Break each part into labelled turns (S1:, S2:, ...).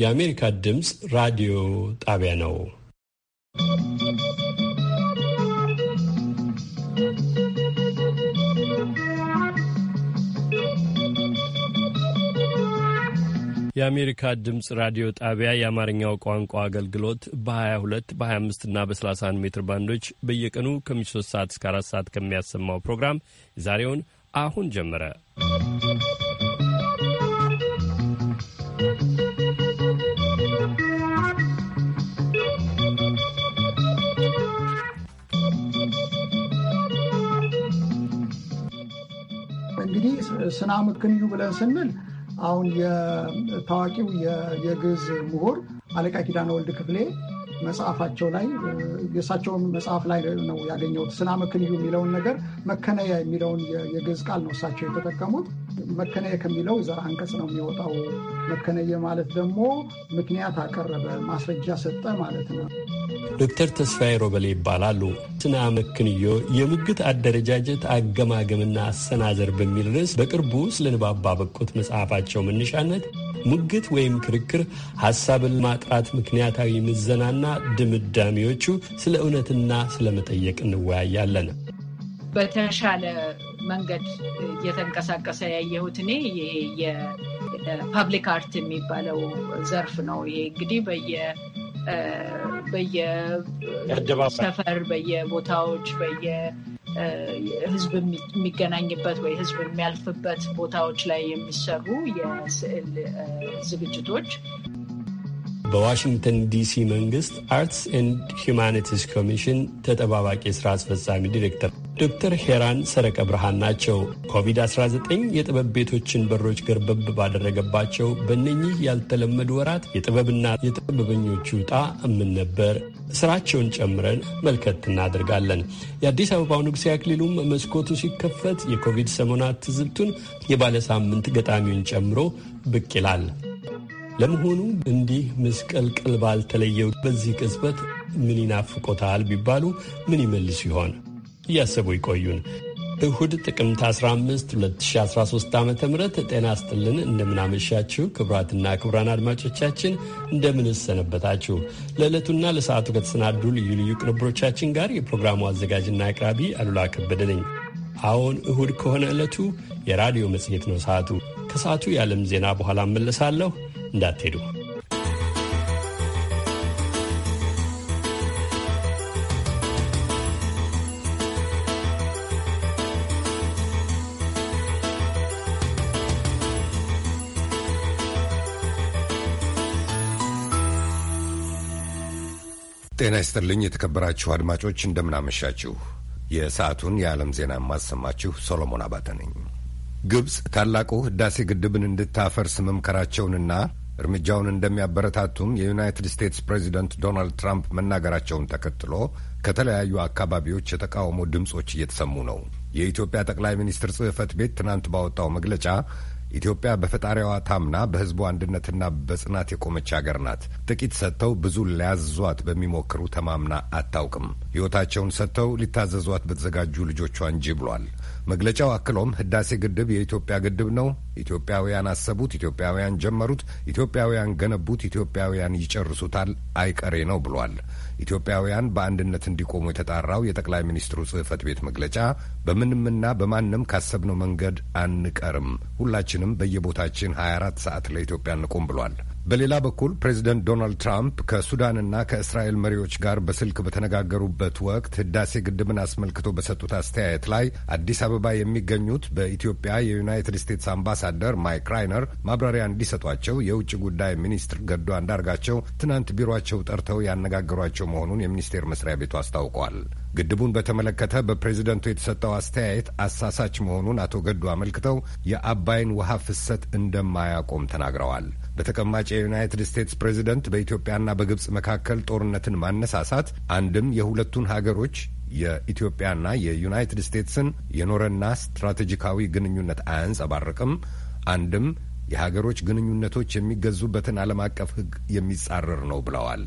S1: የአሜሪካ ድምፅ ራዲዮ ጣቢያ ነው። የአሜሪካ ድምፅ ራዲዮ ጣቢያ የአማርኛው ቋንቋ አገልግሎት በ22 በ25 እና በ31 ሜትር ባንዶች በየቀኑ ከ3 ሰዓት እስከ 4 ሰዓት ከሚያሰማው ፕሮግራም ዛሬውን አሁን ጀመረ።
S2: ምክንዩ ብለን ስንል አሁን የታዋቂው የግዕዝ ምሁር አለቃ ኪዳነ ወልድ ክፍሌ መጽሐፋቸው ላይ የእሳቸውን መጽሐፍ ላይ ነው ያገኘሁት። ስና ክንዩ የሚለውን ነገር መከነያ የሚለውን የግዕዝ ቃል ነው እሳቸው የተጠቀሙት። መከነየ ከሚለው ዘር አንቀጽ ነው የሚወጣው። መከነየ ማለት ደግሞ ምክንያት አቀረበ፣ ማስረጃ ሰጠ ማለት ነው።
S1: ዶክተር ተስፋዬ ሮበሌ ይባላሉ። ስና መክንዮ የሙግት አደረጃጀት አገማገምና አሰናዘር በሚል ርዕስ በቅርቡ ስለንባባ በቁት መጽሐፋቸው መነሻነት ሙግት ወይም ክርክር ሐሳብን ማጥራት ምክንያታዊ ምዘናና ድምዳሜዎቹ ስለ እውነትና ስለ መጠየቅ እንወያያለን።
S3: በተሻለ መንገድ እየተንቀሳቀሰ ያየሁት እኔ ይሄ የፓብሊክ አርት የሚባለው ዘርፍ ነው። ይሄ እንግዲህ በየ
S1: በየሰፈር
S3: በየቦታዎች በየ ህዝብ የሚገናኝበት ወይ ህዝብ የሚያልፍበት ቦታዎች ላይ የሚሰሩ የስዕል ዝግጅቶች
S1: በዋሽንግተን ዲሲ መንግስት አርትስ ኤንድ ሂማኒቲስ ኮሚሽን ተጠባባቂ ስራ አስፈጻሚ ዲሬክተር ዶክተር ሄራን ሰረቀ ብርሃን ናቸው። ኮቪድ-19 የጥበብ ቤቶችን በሮች ገርበብ ባደረገባቸው በእነኚህ ያልተለመዱ ወራት የጥበብና የጥበበኞቹ ውጣ እምን ነበር? ስራቸውን ጨምረን መልከት እናደርጋለን። የአዲስ አበባው ንጉሴ አክሊሉም መስኮቱ ሲከፈት የኮቪድ ሰሞናት ትዝብቱን የባለሳምንት ገጣሚውን ጨምሮ ብቅ ይላል። ለመሆኑ እንዲህ ምስቅልቅል ባልተለየው በዚህ ቅጽበት ምን ይናፍቆታል ቢባሉ ምን ይመልሱ ይሆን? እያሰቡ ይቆዩን። እሁድ ጥቅምት 15 2013 ዓ ም ጤና ስጥልን። እንደምናመሻችሁ ክቡራትና ክቡራን አድማጮቻችን እንደምንሰነበታችሁ። ለዕለቱና ለሰዓቱ ከተሰናዱ ልዩ ልዩ ቅንብሮቻችን ጋር የፕሮግራሙ አዘጋጅና አቅራቢ አሉላ ከበደ ነኝ። አዎን እሁድ ከሆነ ዕለቱ የራዲዮ መጽሔት ነው። ሰዓቱ ከሰዓቱ የዓለም ዜና በኋላ እመለሳለሁ፣ እንዳትሄዱ።
S4: ጤና ይስጥልኝ የተከበራችሁ አድማጮች እንደምናመሻችሁ። የሰዓቱን የዓለም ዜና የማሰማችሁ ሶሎሞን አባተ ነኝ። ግብፅ ታላቁ ህዳሴ ግድብን እንድታፈርስ መምከራቸውንና እርምጃውን እንደሚያበረታቱም የዩናይትድ ስቴትስ ፕሬዚደንት ዶናልድ ትራምፕ መናገራቸውን ተከትሎ ከተለያዩ አካባቢዎች የተቃውሞ ድምፆች እየተሰሙ ነው። የኢትዮጵያ ጠቅላይ ሚኒስትር ጽሕፈት ቤት ትናንት ባወጣው መግለጫ ኢትዮጵያ በፈጣሪዋ ታምና በሕዝቡ አንድነትና በጽናት የቆመች አገር ናት። ጥቂት ሰጥተው ብዙ ሊያዝዟት በሚሞክሩ ተማምና አታውቅም። ሕይወታቸውን ሰጥተው ሊታዘዟት በተዘጋጁ ልጆቿ እንጂ ብሏል መግለጫው። አክሎም ህዳሴ ግድብ የኢትዮጵያ ግድብ ነው ኢትዮጵያውያን አሰቡት፣ ኢትዮጵያውያን ጀመሩት፣ ኢትዮጵያውያን ገነቡት፣ ኢትዮጵያውያን ይጨርሱታል፣ አይቀሬ ነው ብሏል። ኢትዮጵያውያን በአንድነት እንዲቆሙ የተጣራው የጠቅላይ ሚኒስትሩ ጽህፈት ቤት መግለጫ በምንምና በማንም ካሰብነው መንገድ አንቀርም፣ ሁላችንም በየቦታችን 24 ሰዓት ለኢትዮጵያ እንቆም ብሏል። በሌላ በኩል ፕሬዚደንት ዶናልድ ትራምፕ ከሱዳንና ከእስራኤል መሪዎች ጋር በስልክ በተነጋገሩበት ወቅት ህዳሴ ግድብን አስመልክቶ በሰጡት አስተያየት ላይ አዲስ አበባ የሚገኙት በኢትዮጵያ የዩናይትድ ስቴትስ አምባሳደር ማይክ ራይነር ማብራሪያ እንዲሰጧቸው የውጭ ጉዳይ ሚኒስትር ገዱ አንዳርጋቸው ትናንት ቢሮቸው ጠርተው ያነጋገሯቸው መሆኑን የሚኒስቴር መስሪያ ቤቱ አስታውቋል። ግድቡን በተመለከተ በፕሬዝደንቱ የተሰጠው አስተያየት አሳሳች መሆኑን አቶ ገዱ አመልክተው የአባይን ውሃ ፍሰት እንደማያቆም ተናግረዋል። በተቀማጭ የዩናይትድ ስቴትስ ፕሬዚደንት በኢትዮጵያና በግብፅ መካከል ጦርነትን ማነሳሳት አንድም የሁለቱን ሀገሮች የኢትዮጵያና የዩናይትድ ስቴትስን የኖረና ስትራቴጂካዊ ግንኙነት አያንጸባርቅም፣ አንድም የሀገሮች ግንኙነቶች የሚገዙበትን ዓለም አቀፍ ሕግ የሚጻረር ነው ብለዋል።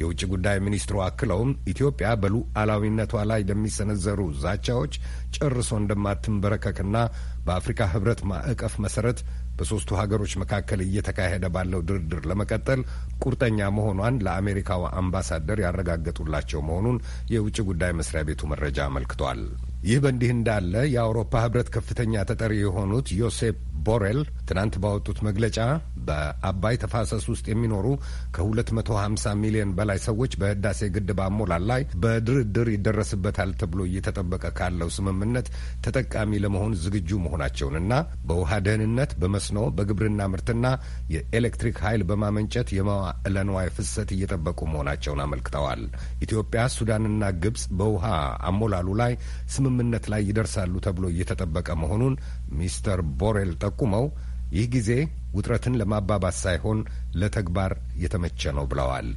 S4: የውጭ ጉዳይ ሚኒስትሩ አክለውም ኢትዮጵያ በሉዓላዊነቷ ላይ ለሚሰነዘሩ ዛቻዎች ጨርሶ እንደማትንበረከክና በአፍሪካ ሕብረት ማዕቀፍ መሰረት በሦስቱ ሀገሮች መካከል እየተካሄደ ባለው ድርድር ለመቀጠል ቁርጠኛ መሆኗን ለአሜሪካው አምባሳደር ያረጋገጡላቸው መሆኑን የውጭ ጉዳይ መስሪያ ቤቱ መረጃ አመልክቷል። ይህ በእንዲህ እንዳለ የአውሮፓ ህብረት ከፍተኛ ተጠሪ የሆኑት ዮሴፕ ቦሬል ትናንት ባወጡት መግለጫ በአባይ ተፋሰስ ውስጥ የሚኖሩ ከ250 ሚሊዮን በላይ ሰዎች በህዳሴ ግድብ አሞላል ላይ በድርድር ይደረስበታል ተብሎ እየተጠበቀ ካለው ስምምነት ተጠቃሚ ለመሆን ዝግጁ መሆናቸውንና በውሃ ደህንነት፣ በመስኖ፣ በግብርና ምርትና የኤሌክትሪክ ኃይል በማመንጨት የመዋዕለ ንዋይ ፍሰት እየጠበቁ መሆናቸውን አመልክተዋል። ኢትዮጵያ፣ ሱዳንና ግብጽ በውሃ አሞላሉ ላይ ስም ስምምነት ላይ ይደርሳሉ ተብሎ እየተጠበቀ መሆኑን ሚስተር ቦሬል ጠቁመው ይህ ጊዜ ውጥረትን ለማባባስ ሳይሆን ለተግባር የተመቸ ነው ብለዋል።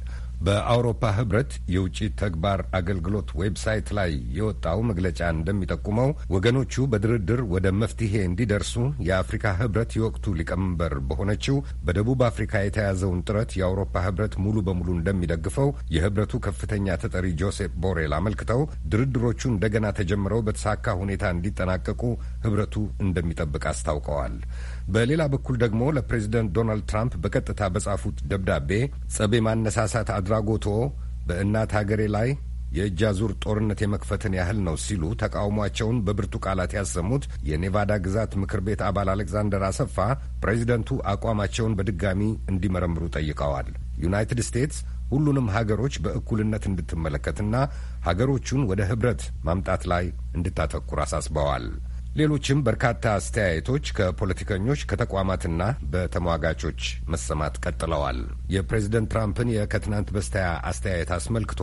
S4: በአውሮፓ ህብረት የውጭ ተግባር አገልግሎት ዌብሳይት ላይ የወጣው መግለጫ እንደሚጠቁመው ወገኖቹ በድርድር ወደ መፍትሄ እንዲደርሱ የአፍሪካ ህብረት የወቅቱ ሊቀመንበር በሆነችው በደቡብ አፍሪካ የተያዘውን ጥረት የአውሮፓ ህብረት ሙሉ በሙሉ እንደሚደግፈው የህብረቱ ከፍተኛ ተጠሪ ጆሴፕ ቦሬል አመልክተው ድርድሮቹ እንደገና ተጀምረው በተሳካ ሁኔታ እንዲጠናቀቁ ህብረቱ እንደሚጠብቅ አስታውቀዋል። በሌላ በኩል ደግሞ ለፕሬዚደንት ዶናልድ ትራምፕ በቀጥታ በጻፉት ደብዳቤ ጸቤ ማነሳሳት አድራጎቶ በእናት ሀገሬ ላይ የእጅ አዙር ጦርነት የመክፈትን ያህል ነው ሲሉ ተቃውሟቸውን በብርቱ ቃላት ያሰሙት የኔቫዳ ግዛት ምክር ቤት አባል አሌክዛንደር አሰፋ ፕሬዚደንቱ አቋማቸውን በድጋሚ እንዲመረምሩ ጠይቀዋል። ዩናይትድ ስቴትስ ሁሉንም ሀገሮች በእኩልነት እንድትመለከትና ሀገሮቹን ወደ ህብረት ማምጣት ላይ እንድታተኩር አሳስበዋል። ሌሎችም በርካታ አስተያየቶች ከፖለቲከኞች ከተቋማትና በተሟጋቾች መሰማት ቀጥለዋል። የፕሬዝደንት ትራምፕን የከትናንት በስቲያ አስተያየት አስመልክቶ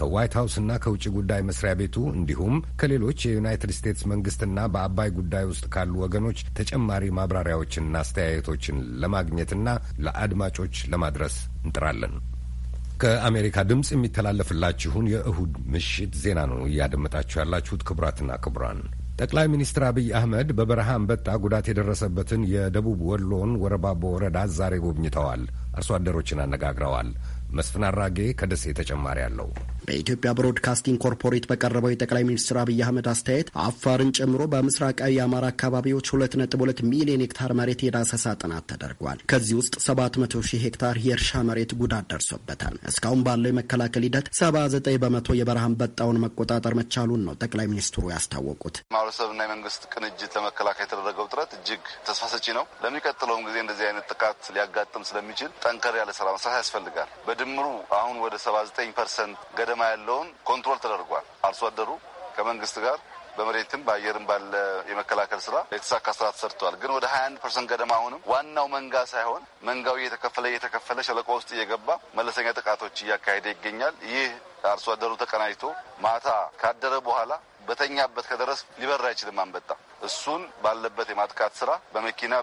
S4: ከዋይት ሀውስና ከውጭ ጉዳይ መስሪያ ቤቱ እንዲሁም ከሌሎች የዩናይትድ ስቴትስ መንግስትና በአባይ ጉዳይ ውስጥ ካሉ ወገኖች ተጨማሪ ማብራሪያዎችንና አስተያየቶችን ለማግኘትና ለአድማጮች ለማድረስ እንጥራለን። ከአሜሪካ ድምፅ የሚተላለፍላችሁን የእሁድ ምሽት ዜና ነው እያደመጣችሁ ያላችሁት። ክቡራትና ክቡራን ጠቅላይ ሚኒስትር አብይ አህመድ በበረሃ አንበጣ ጉዳት የደረሰበትን የደቡብ ወሎን ወረባቦ ወረዳ ዛሬ ጎብኝተዋል። አርሶ አደሮችን አነጋግረዋል። መስፍን አራጌ ከደሴ ተጨማሪ አለው።
S5: በኢትዮጵያ ብሮድካስቲንግ ኮርፖሬት በቀረበው የጠቅላይ ሚኒስትር አብይ አህመድ አስተያየት አፋርን ጨምሮ በምስራቃዊ የአማራ አካባቢዎች 2.2 ሚሊዮን ሄክታር መሬት የዳሰሳ ጥናት ተደርጓል። ከዚህ ውስጥ 700 ሺህ ሄክታር የእርሻ መሬት ጉዳት ደርሶበታል። እስካሁን ባለው የመከላከል ሂደት 79 በመቶ የበረሃ አንበጣውን መቆጣጠር መቻሉን ነው ጠቅላይ ሚኒስትሩ ያስታወቁት።
S6: ማህበረሰብና የመንግስት ቅንጅት ለመከላከል የተደረገው ጥረት እጅግ ተስፋ ሰጪ ነው። ለሚቀጥለውም ጊዜ እንደዚህ አይነት ጥቃት ሊያጋጥም ስለሚችል ጠንከር ያለ ስራ መስራት ያስፈልጋል። በድምሩ አሁን ወደ 79 ፐርሰንት ገደ አዳማ ያለውን ኮንትሮል ተደርጓል። አርሶ አደሩ ከመንግስት ጋር በመሬትም በአየርም ባለ የመከላከል ስራ የተሳካ ስራ ተሰርተዋል። ግን ወደ አንድ ፐርሰንት ገደማ አሁንም ዋናው መንጋ ሳይሆን መንጋው እየተከፈለ እየተከፈለ ሸለቆ ውስጥ እየገባ መለሰኛ ጥቃቶች እያካሄደ ይገኛል። ይህ አርሶ አደሩ ተቀናጅቶ ማታ ካደረ በኋላ በተኛበት ከደረስ ሊበር አይችልም አንበጣ። እሱን ባለበት የማጥቃት ስራ በመኪና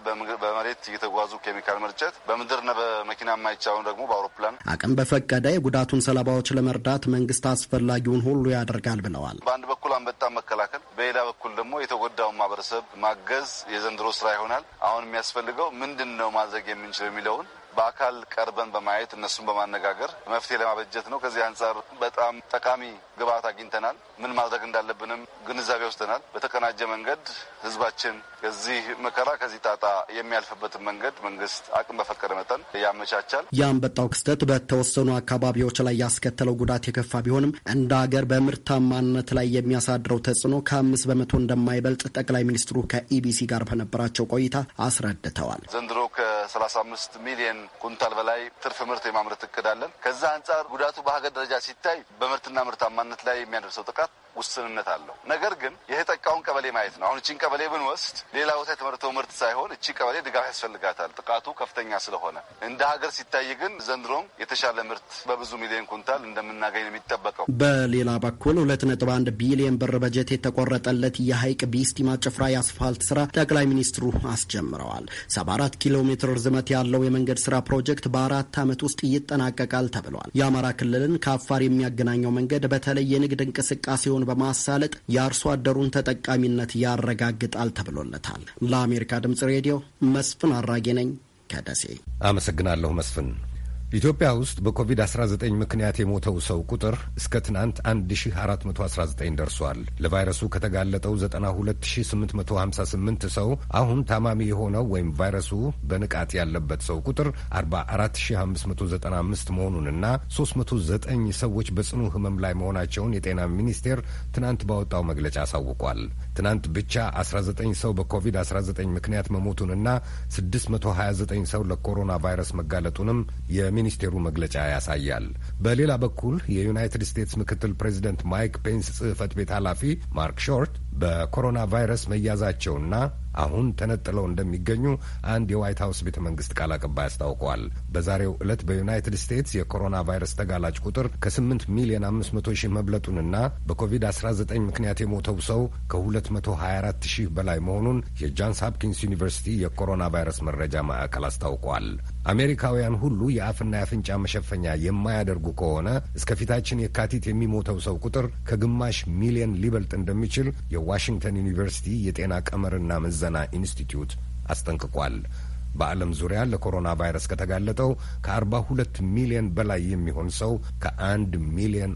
S6: በመሬት እየተጓዙ ኬሚካል መርጨት፣ በምድርና በመኪና የማይቻለውን ደግሞ በአውሮፕላን
S5: አቅም በፈቀደ የጉዳቱን ሰለባዎች ለመርዳት መንግስት አስፈላጊውን ሁሉ ያደርጋል
S6: ብለዋል። በአንድ በኩል አንበጣ መከላከል፣ በሌላ በኩል ደግሞ የተጎዳውን ማህበረሰብ ማገዝ የዘንድሮ ስራ ይሆናል። አሁን የሚያስፈልገው ምንድን ነው ማድረግ የምንችለው የሚለውን በአካል ቀርበን በማየት እነሱን በማነጋገር መፍትሄ ለማበጀት ነው። ከዚህ አንጻር በጣም ጠቃሚ ግብዓት አግኝተናል። ምን ማድረግ እንዳለብንም ግንዛቤ ወስደናል። በተቀናጀ መንገድ ህዝባችን ከዚህ መከራ ከዚህ ጣጣ የሚያልፍበትን መንገድ መንግስት አቅም በፈቀደ መጠን ያመቻቻል።
S5: የአንበጣው ክስተት በተወሰኑ አካባቢዎች ላይ ያስከተለው ጉዳት የከፋ ቢሆንም እንደ ሀገር በምርታማነት ላይ የሚያሳድረው ተጽዕኖ ከአምስት በመቶ እንደማይበልጥ ጠቅላይ ሚኒስትሩ ከኢቢሲ ጋር በነበራቸው ቆይታ አስረድተዋል።
S6: ዘንድሮ ከ35 ሚሊየን ኩንታል በላይ ትርፍ ምርት የማምረት እቅድ አለን። ከዛ አንጻር ጉዳቱ በሀገር ደረጃ ሲታይ በምርትና ምርታማነት ላይ የሚያደርሰው ጥቃት ውስንነት አለው። ነገር ግን የተጠቃውን ቀበሌ ማየት ነው። አሁን እቺን ቀበሌ ብንወስድ ሌላ ቦታ የተመረተው ምርት ሳይሆን እቺ ቀበሌ ድጋፍ ያስፈልጋታል፣ ጥቃቱ ከፍተኛ ስለሆነ። እንደ ሀገር ሲታይ ግን ዘንድሮም የተሻለ ምርት በብዙ ሚሊዮን ኩንታል እንደምናገኝ ነው የሚጠበቀው።
S5: በሌላ በኩል ሁለት ነጥብ አንድ ቢሊዮን ብር በጀት የተቆረጠለት የሀይቅ ቢስቲማ ጭፍራ የአስፋልት ስራ ጠቅላይ ሚኒስትሩ አስጀምረዋል። ሰባ አራት ኪሎ ሜትር ርዝመት ያለው የመንገድ ስራ ፕሮጀክት በአራት ዓመት ውስጥ ይጠናቀቃል ተብሏል። የአማራ ክልልን ከአፋር የሚያገናኘው መንገድ በተለይ የንግድ እንቅስቃሴ ገበያውን በማሳለጥ የአርሶ አደሩን ተጠቃሚነት ያረጋግጣል ተብሎለታል። ለአሜሪካ ድምጽ ሬዲዮ መስፍን አራጌ ነኝ
S4: ከደሴ አመሰግናለሁ መስፍን። ኢትዮጵያ ውስጥ በኮቪድ-19 ምክንያት የሞተው ሰው ቁጥር እስከ ትናንት 1419 ደርሷል። ለቫይረሱ ከተጋለጠው 92858 ሰው አሁን ታማሚ የሆነው ወይም ቫይረሱ በንቃት ያለበት ሰው ቁጥር 44595 መሆኑንና 309 ሰዎች በጽኑ ሕመም ላይ መሆናቸውን የጤና ሚኒስቴር ትናንት ባወጣው መግለጫ አሳውቋል። ትናንት ብቻ 19 ሰው በኮቪድ-19 ምክንያት መሞቱንና 629 ሰው ለኮሮና ቫይረስ መጋለጡንም የሚኒስቴሩ መግለጫ ያሳያል። በሌላ በኩል የዩናይትድ ስቴትስ ምክትል ፕሬዚደንት ማይክ ፔንስ ጽህፈት ቤት ኃላፊ ማርክ ሾርት በኮሮና ቫይረስ መያዛቸውና አሁን ተነጥለው እንደሚገኙ አንድ የዋይት ሀውስ ቤተ መንግስት ቃል አቀባይ አስታውቀዋል። በዛሬው ዕለት በዩናይትድ ስቴትስ የኮሮና ቫይረስ ተጋላጭ ቁጥር ከ8 ሚሊዮን 500 ሺህ መብለጡንና በኮቪድ-19 ምክንያት የሞተው ሰው ከ224 ሺህ በላይ መሆኑን የጃንስ ሀፕኪንስ ዩኒቨርሲቲ የኮሮና ቫይረስ መረጃ ማዕከል አስታውቋል። አሜሪካውያን ሁሉ የአፍና የአፍንጫ መሸፈኛ የማያደርጉ ከሆነ እስከፊታችን የካቲት የሚሞተው ሰው ቁጥር ከግማሽ ሚሊዮን ሊበልጥ እንደሚችል የዋሽንግተን ዩኒቨርሲቲ የጤና ቀመርና መ ምዘና ኢንስቲትዩት አስጠንቅቋል። በዓለም ዙሪያ ለኮሮና ቫይረስ ከተጋለጠው ከ42 ሚሊዮን በላይ የሚሆን ሰው ከ1 ሚሊዮን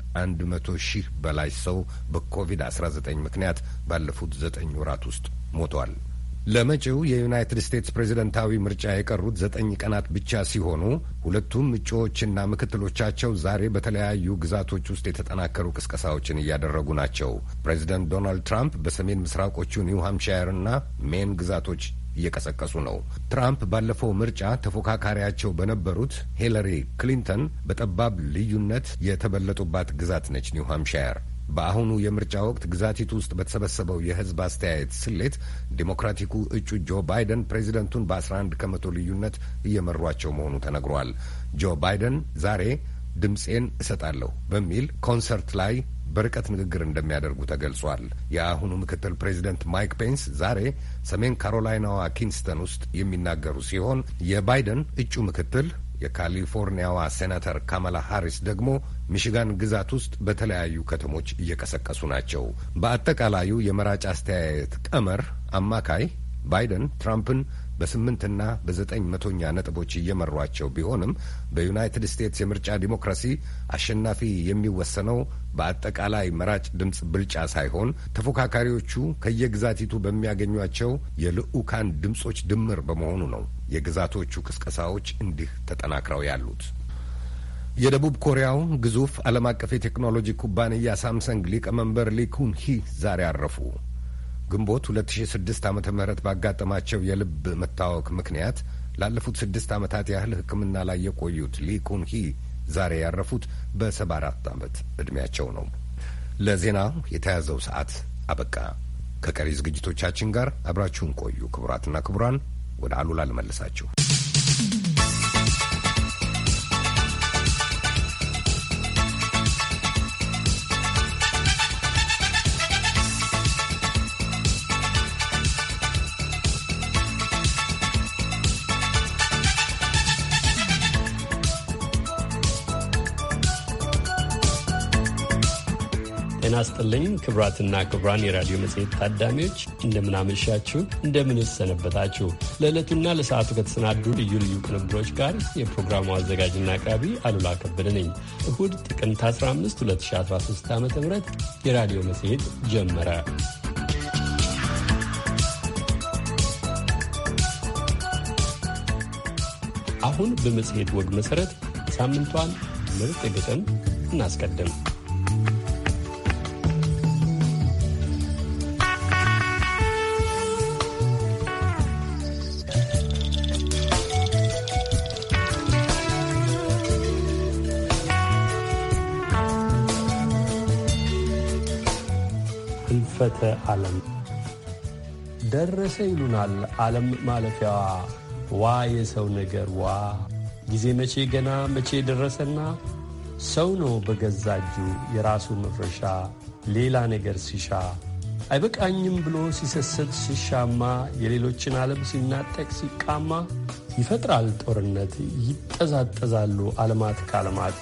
S4: 100 ሺህ በላይ ሰው በኮቪድ-19 ምክንያት ባለፉት ዘጠኝ ወራት ውስጥ ሞቷል። ለመጪው የዩናይትድ ስቴትስ ፕሬዝደንታዊ ምርጫ የቀሩት ዘጠኝ ቀናት ብቻ ሲሆኑ ሁለቱም እጩዎችና ምክትሎቻቸው ዛሬ በተለያዩ ግዛቶች ውስጥ የተጠናከሩ ቅስቀሳዎችን እያደረጉ ናቸው። ፕሬዝደንት ዶናልድ ትራምፕ በሰሜን ምስራቆቹ ኒው ሃምፕሻየርና ሜን ግዛቶች እየቀሰቀሱ ነው። ትራምፕ ባለፈው ምርጫ ተፎካካሪያቸው በነበሩት ሂለሪ ክሊንተን በጠባብ ልዩነት የተበለጡባት ግዛት ነች ኒው ሃምፕሻየር። በአሁኑ የምርጫ ወቅት ግዛቲቱ ውስጥ በተሰበሰበው የህዝብ አስተያየት ስሌት ዴሞክራቲኩ እጩ ጆ ባይደን ፕሬዚደንቱን በ11 ከመቶ ልዩነት እየመሯቸው መሆኑ ተነግሯል። ጆ ባይደን ዛሬ ድምፄን እሰጣለሁ በሚል ኮንሰርት ላይ በርቀት ንግግር እንደሚያደርጉ ተገልጿል። የአሁኑ ምክትል ፕሬዚደንት ማይክ ፔንስ ዛሬ ሰሜን ካሮላይናዋ ኪንስተን ውስጥ የሚናገሩ ሲሆን የባይደን እጩ ምክትል የካሊፎርኒያዋ ሴናተር ካማላ ሃሪስ ደግሞ ሚሽጋን ግዛት ውስጥ በተለያዩ ከተሞች እየቀሰቀሱ ናቸው። በአጠቃላዩ የመራጭ አስተያየት ቀመር አማካይ ባይደን ትራምፕን በስምንትና በዘጠኝ መቶኛ ነጥቦች እየመሯቸው ቢሆንም በዩናይትድ ስቴትስ የምርጫ ዲሞክራሲ አሸናፊ የሚወሰነው በአጠቃላይ መራጭ ድምፅ ብልጫ ሳይሆን ተፎካካሪዎቹ ከየግዛቲቱ በሚያገኟቸው የልዑካን ድምፆች ድምር በመሆኑ ነው የግዛቶቹ ቅስቀሳዎች እንዲህ ተጠናክረው ያሉት። የደቡብ ኮሪያው ግዙፍ ዓለም አቀፍ የቴክኖሎጂ ኩባንያ ሳምሰንግ ሊቀመንበር ሊኩን ሂ ዛሬ አረፉ። ግንቦት 2006 ዓ ም ባጋጠማቸው የልብ መታወክ ምክንያት ላለፉት ስድስት ዓመታት ያህል ሕክምና ላይ የቆዩት ሊኩንሂ ዛሬ ያረፉት በ74 ዓመት ዕድሜያቸው ነው። ለዜና የተያዘው ሰዓት አበቃ። ከቀሪ ዝግጅቶቻችን ጋር አብራችሁን ቆዩ። ክቡራትና ክቡራን፣ ወደ አሉላ ልመልሳችሁ።
S1: ክብራትና ክብራን የራዲዮ መጽሔት ታዳሚዎች እንደምናመሻችሁ፣ እንደምንሰነበታችሁ። ለዕለቱና ለሰዓቱ ከተሰናዱ ልዩ ልዩ ቅንብሮች ጋር የፕሮግራሙ አዘጋጅና አቅራቢ አሉላ ከበደ ነኝ። እሁድ ጥቅምት 15 2013 ዓ ም የራዲዮ መጽሔት ጀመረ። አሁን በመጽሔት ወግ መሠረት ሳምንቷን ምርጥ ግጥም እናስቀድም። ዓለም ደረሰ ይሉናል ዓለም ማለፊያዋ ዋ የሰው ነገር ዋ ጊዜ መቼ ገና መቼ ደረሰና ሰው ነው በገዛ እጁ የራሱ መፍረሻ ሌላ ነገር ሲሻ አይበቃኝም ብሎ ሲሰሰት ሲሻማ የሌሎችን ዓለም ሲናጠቅ ሲቃማ ይፈጥራል ጦርነት ይጠዛጠዛሉ ዓለማት ከዓለማት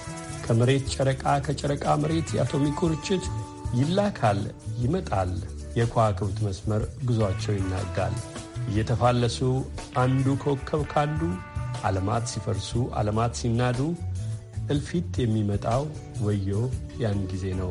S1: ከመሬት ጨረቃ ከጨረቃ መሬት የአቶሚክ ርችት ይላካል ይመጣል የከዋክብት መስመር ጉዟቸው ይናጋል። እየተፋለሱ አንዱ ኮከብ ካሉ ዓለማት ሲፈርሱ፣ ዓለማት ሲናዱ እልፊት የሚመጣው ወዮ ያን ጊዜ ነው።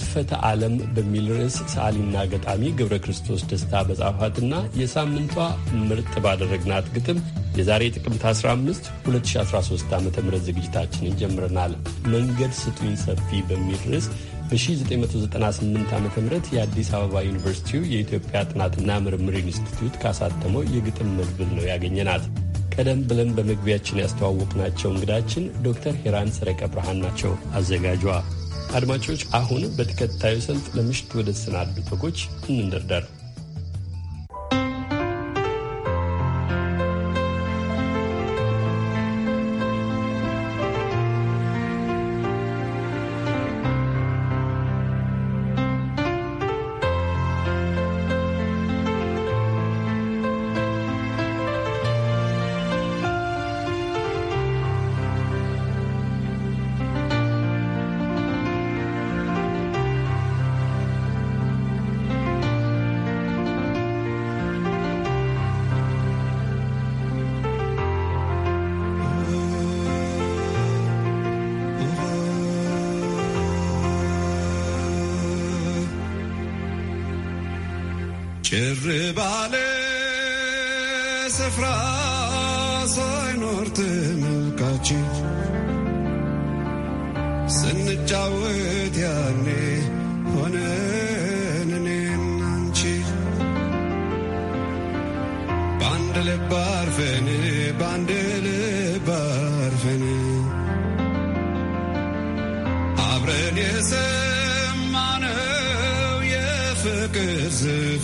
S1: ሕልፈተ ዓለም በሚል ርዕስ ሰዓሊና ገጣሚ ገብረ ክርስቶስ ደስታ በጻፋትና የሳምንቷ ምርጥ ባደረግናት ግጥም የዛሬ ጥቅምት 15 2013 ዓ ም ዝግጅታችንን ጀምረናል። መንገድ ስጡኝ ሰፊ በሚል ርዕስ በ1998 ዓ ም የአዲስ አበባ ዩኒቨርሲቲው የኢትዮጵያ ጥናትና ምርምር ኢንስቲትዩት ካሳተመው የግጥም መድብል ነው ያገኘናት። ቀደም ብለን በመግቢያችን ያስተዋወቅናቸው እንግዳችን ዶክተር ሄራን ሰረቀ ብርሃን ናቸው አዘጋጇ። አድማጮች፣ አሁን በተከታዩ ሰልፍ ለምሽት ወደ ተሰናዱ ወጎች እንንደርደር።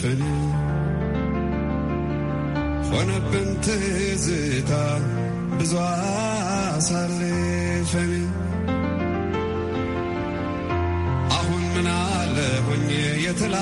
S7: ፈኔ ሆነብን ትዝታ ብዙ አሳልፈን አሁን ምናለ ሆኜ የትላ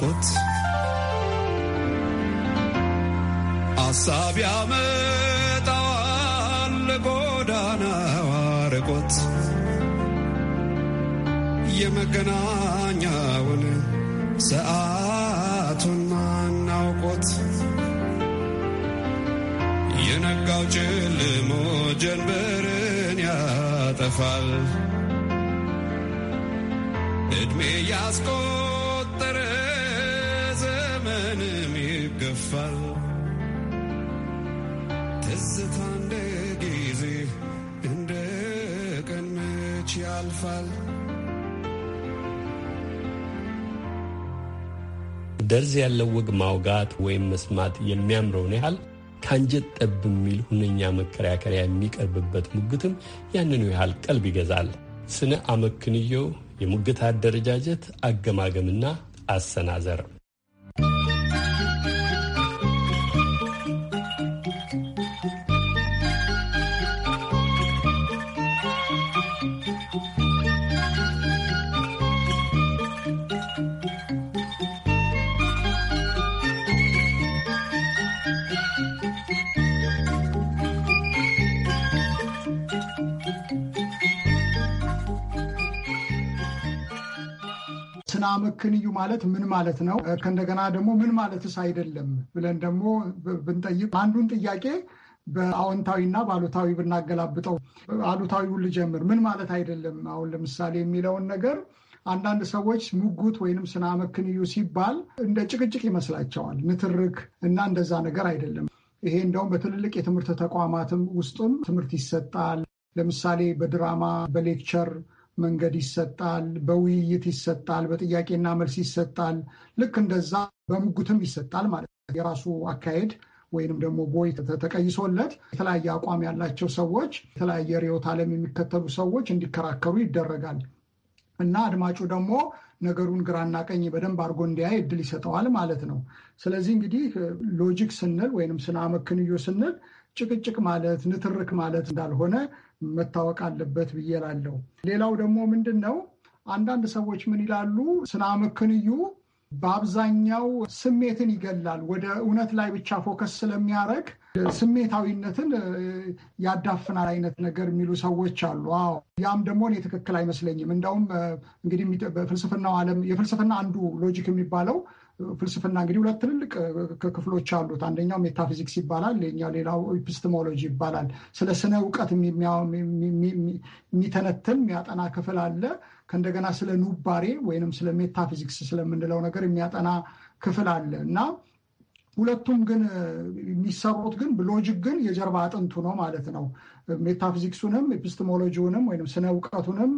S7: ናፍቆት አሳብ ያመጣዋል ጎዳናዋ ርቆት የመገናኛውን ሰዓቱን ማናውቆት የነጋው ጭልሞ ጀንበርን ያጠፋል እድሜ ያስቆ ያልፋል።
S1: ደርዝ ያለው ወግ ማውጋት ወይም መስማት የሚያምረውን ያህል ከአንጀት ጠብ የሚል ሁነኛ መከራከሪያ የሚቀርብበት ሙግትም ያንኑ ያህል ቀልብ ይገዛል። ስነ አመክንዮ፣ የሙግት አደረጃጀት፣ አገማገምና አሰናዘር
S2: አመክንዩ ማለት ምን ማለት ነው? ከእንደገና ደግሞ ምን ማለትስ አይደለም ብለን ደግሞ ብንጠይቅ አንዱን ጥያቄ በአዎንታዊና በአሉታዊ ብናገላብጠው፣ አሉታዊውን ልጀምር። ምን ማለት አይደለም አሁን ለምሳሌ የሚለውን ነገር አንዳንድ ሰዎች ሙጉት ወይንም ስነ ሲባል እንደ ጭቅጭቅ ይመስላቸዋል፣ ንትርክ እና እንደዛ ነገር አይደለም። ይሄ እንደውም በትልልቅ የትምህርት ተቋማትም ውስጡም ትምህርት ይሰጣል። ለምሳሌ በድራማ በሌክቸር መንገድ ይሰጣል፣ በውይይት ይሰጣል፣ በጥያቄና መልስ ይሰጣል። ልክ እንደዛ በምጉትም ይሰጣል ማለት ነው። የራሱ አካሄድ ወይንም ደግሞ ቦይ ተቀይሶለት የተለያየ አቋም ያላቸው ሰዎች፣ የተለያየ ርዕዮተ ዓለም የሚከተሉ ሰዎች እንዲከራከሩ ይደረጋል እና አድማጩ ደግሞ ነገሩን ግራና ቀኝ በደንብ አድርጎ እንዲያይ እድል ይሰጠዋል ማለት ነው። ስለዚህ እንግዲህ ሎጂክ ስንል ወይንም ስነ አመክንዮ ስንል ጭቅጭቅ ማለት ንትርክ ማለት እንዳልሆነ መታወቅ አለበት ብዬ እላለሁ። ሌላው ደግሞ ምንድን ነው አንዳንድ ሰዎች ምን ይላሉ፣ ስናምክንዩ በአብዛኛው ስሜትን ይገላል። ወደ እውነት ላይ ብቻ ፎከስ ስለሚያደርግ ስሜታዊነትን ያዳፍናል አይነት ነገር የሚሉ ሰዎች አሉ። አዎ ያም ደግሞ እኔ ትክክል አይመስለኝም። እንደውም እንግዲህ በፍልስፍናው ዓለም የፍልስፍና አንዱ ሎጂክ የሚባለው ፍልስፍና እንግዲህ ሁለት ትልልቅ ክፍሎች አሉት። አንደኛው ሜታፊዚክስ ይባላል፣ ሌላው ኢፒስቴሞሎጂ ይባላል። ስለ ስነ እውቀት የሚተነትን የሚያጠና ክፍል አለ። ከእንደገና ስለ ኑባሬ ወይንም ስለ ሜታፊዚክስ ስለምንለው ነገር የሚያጠና ክፍል አለ እና ሁለቱም ግን የሚሰሩት ግን ሎጂክ ግን የጀርባ አጥንቱ ነው ማለት ነው። ሜታፊዚክሱንም ኤፒስቴሞሎጂውንም ወይም ስነ እውቀቱንም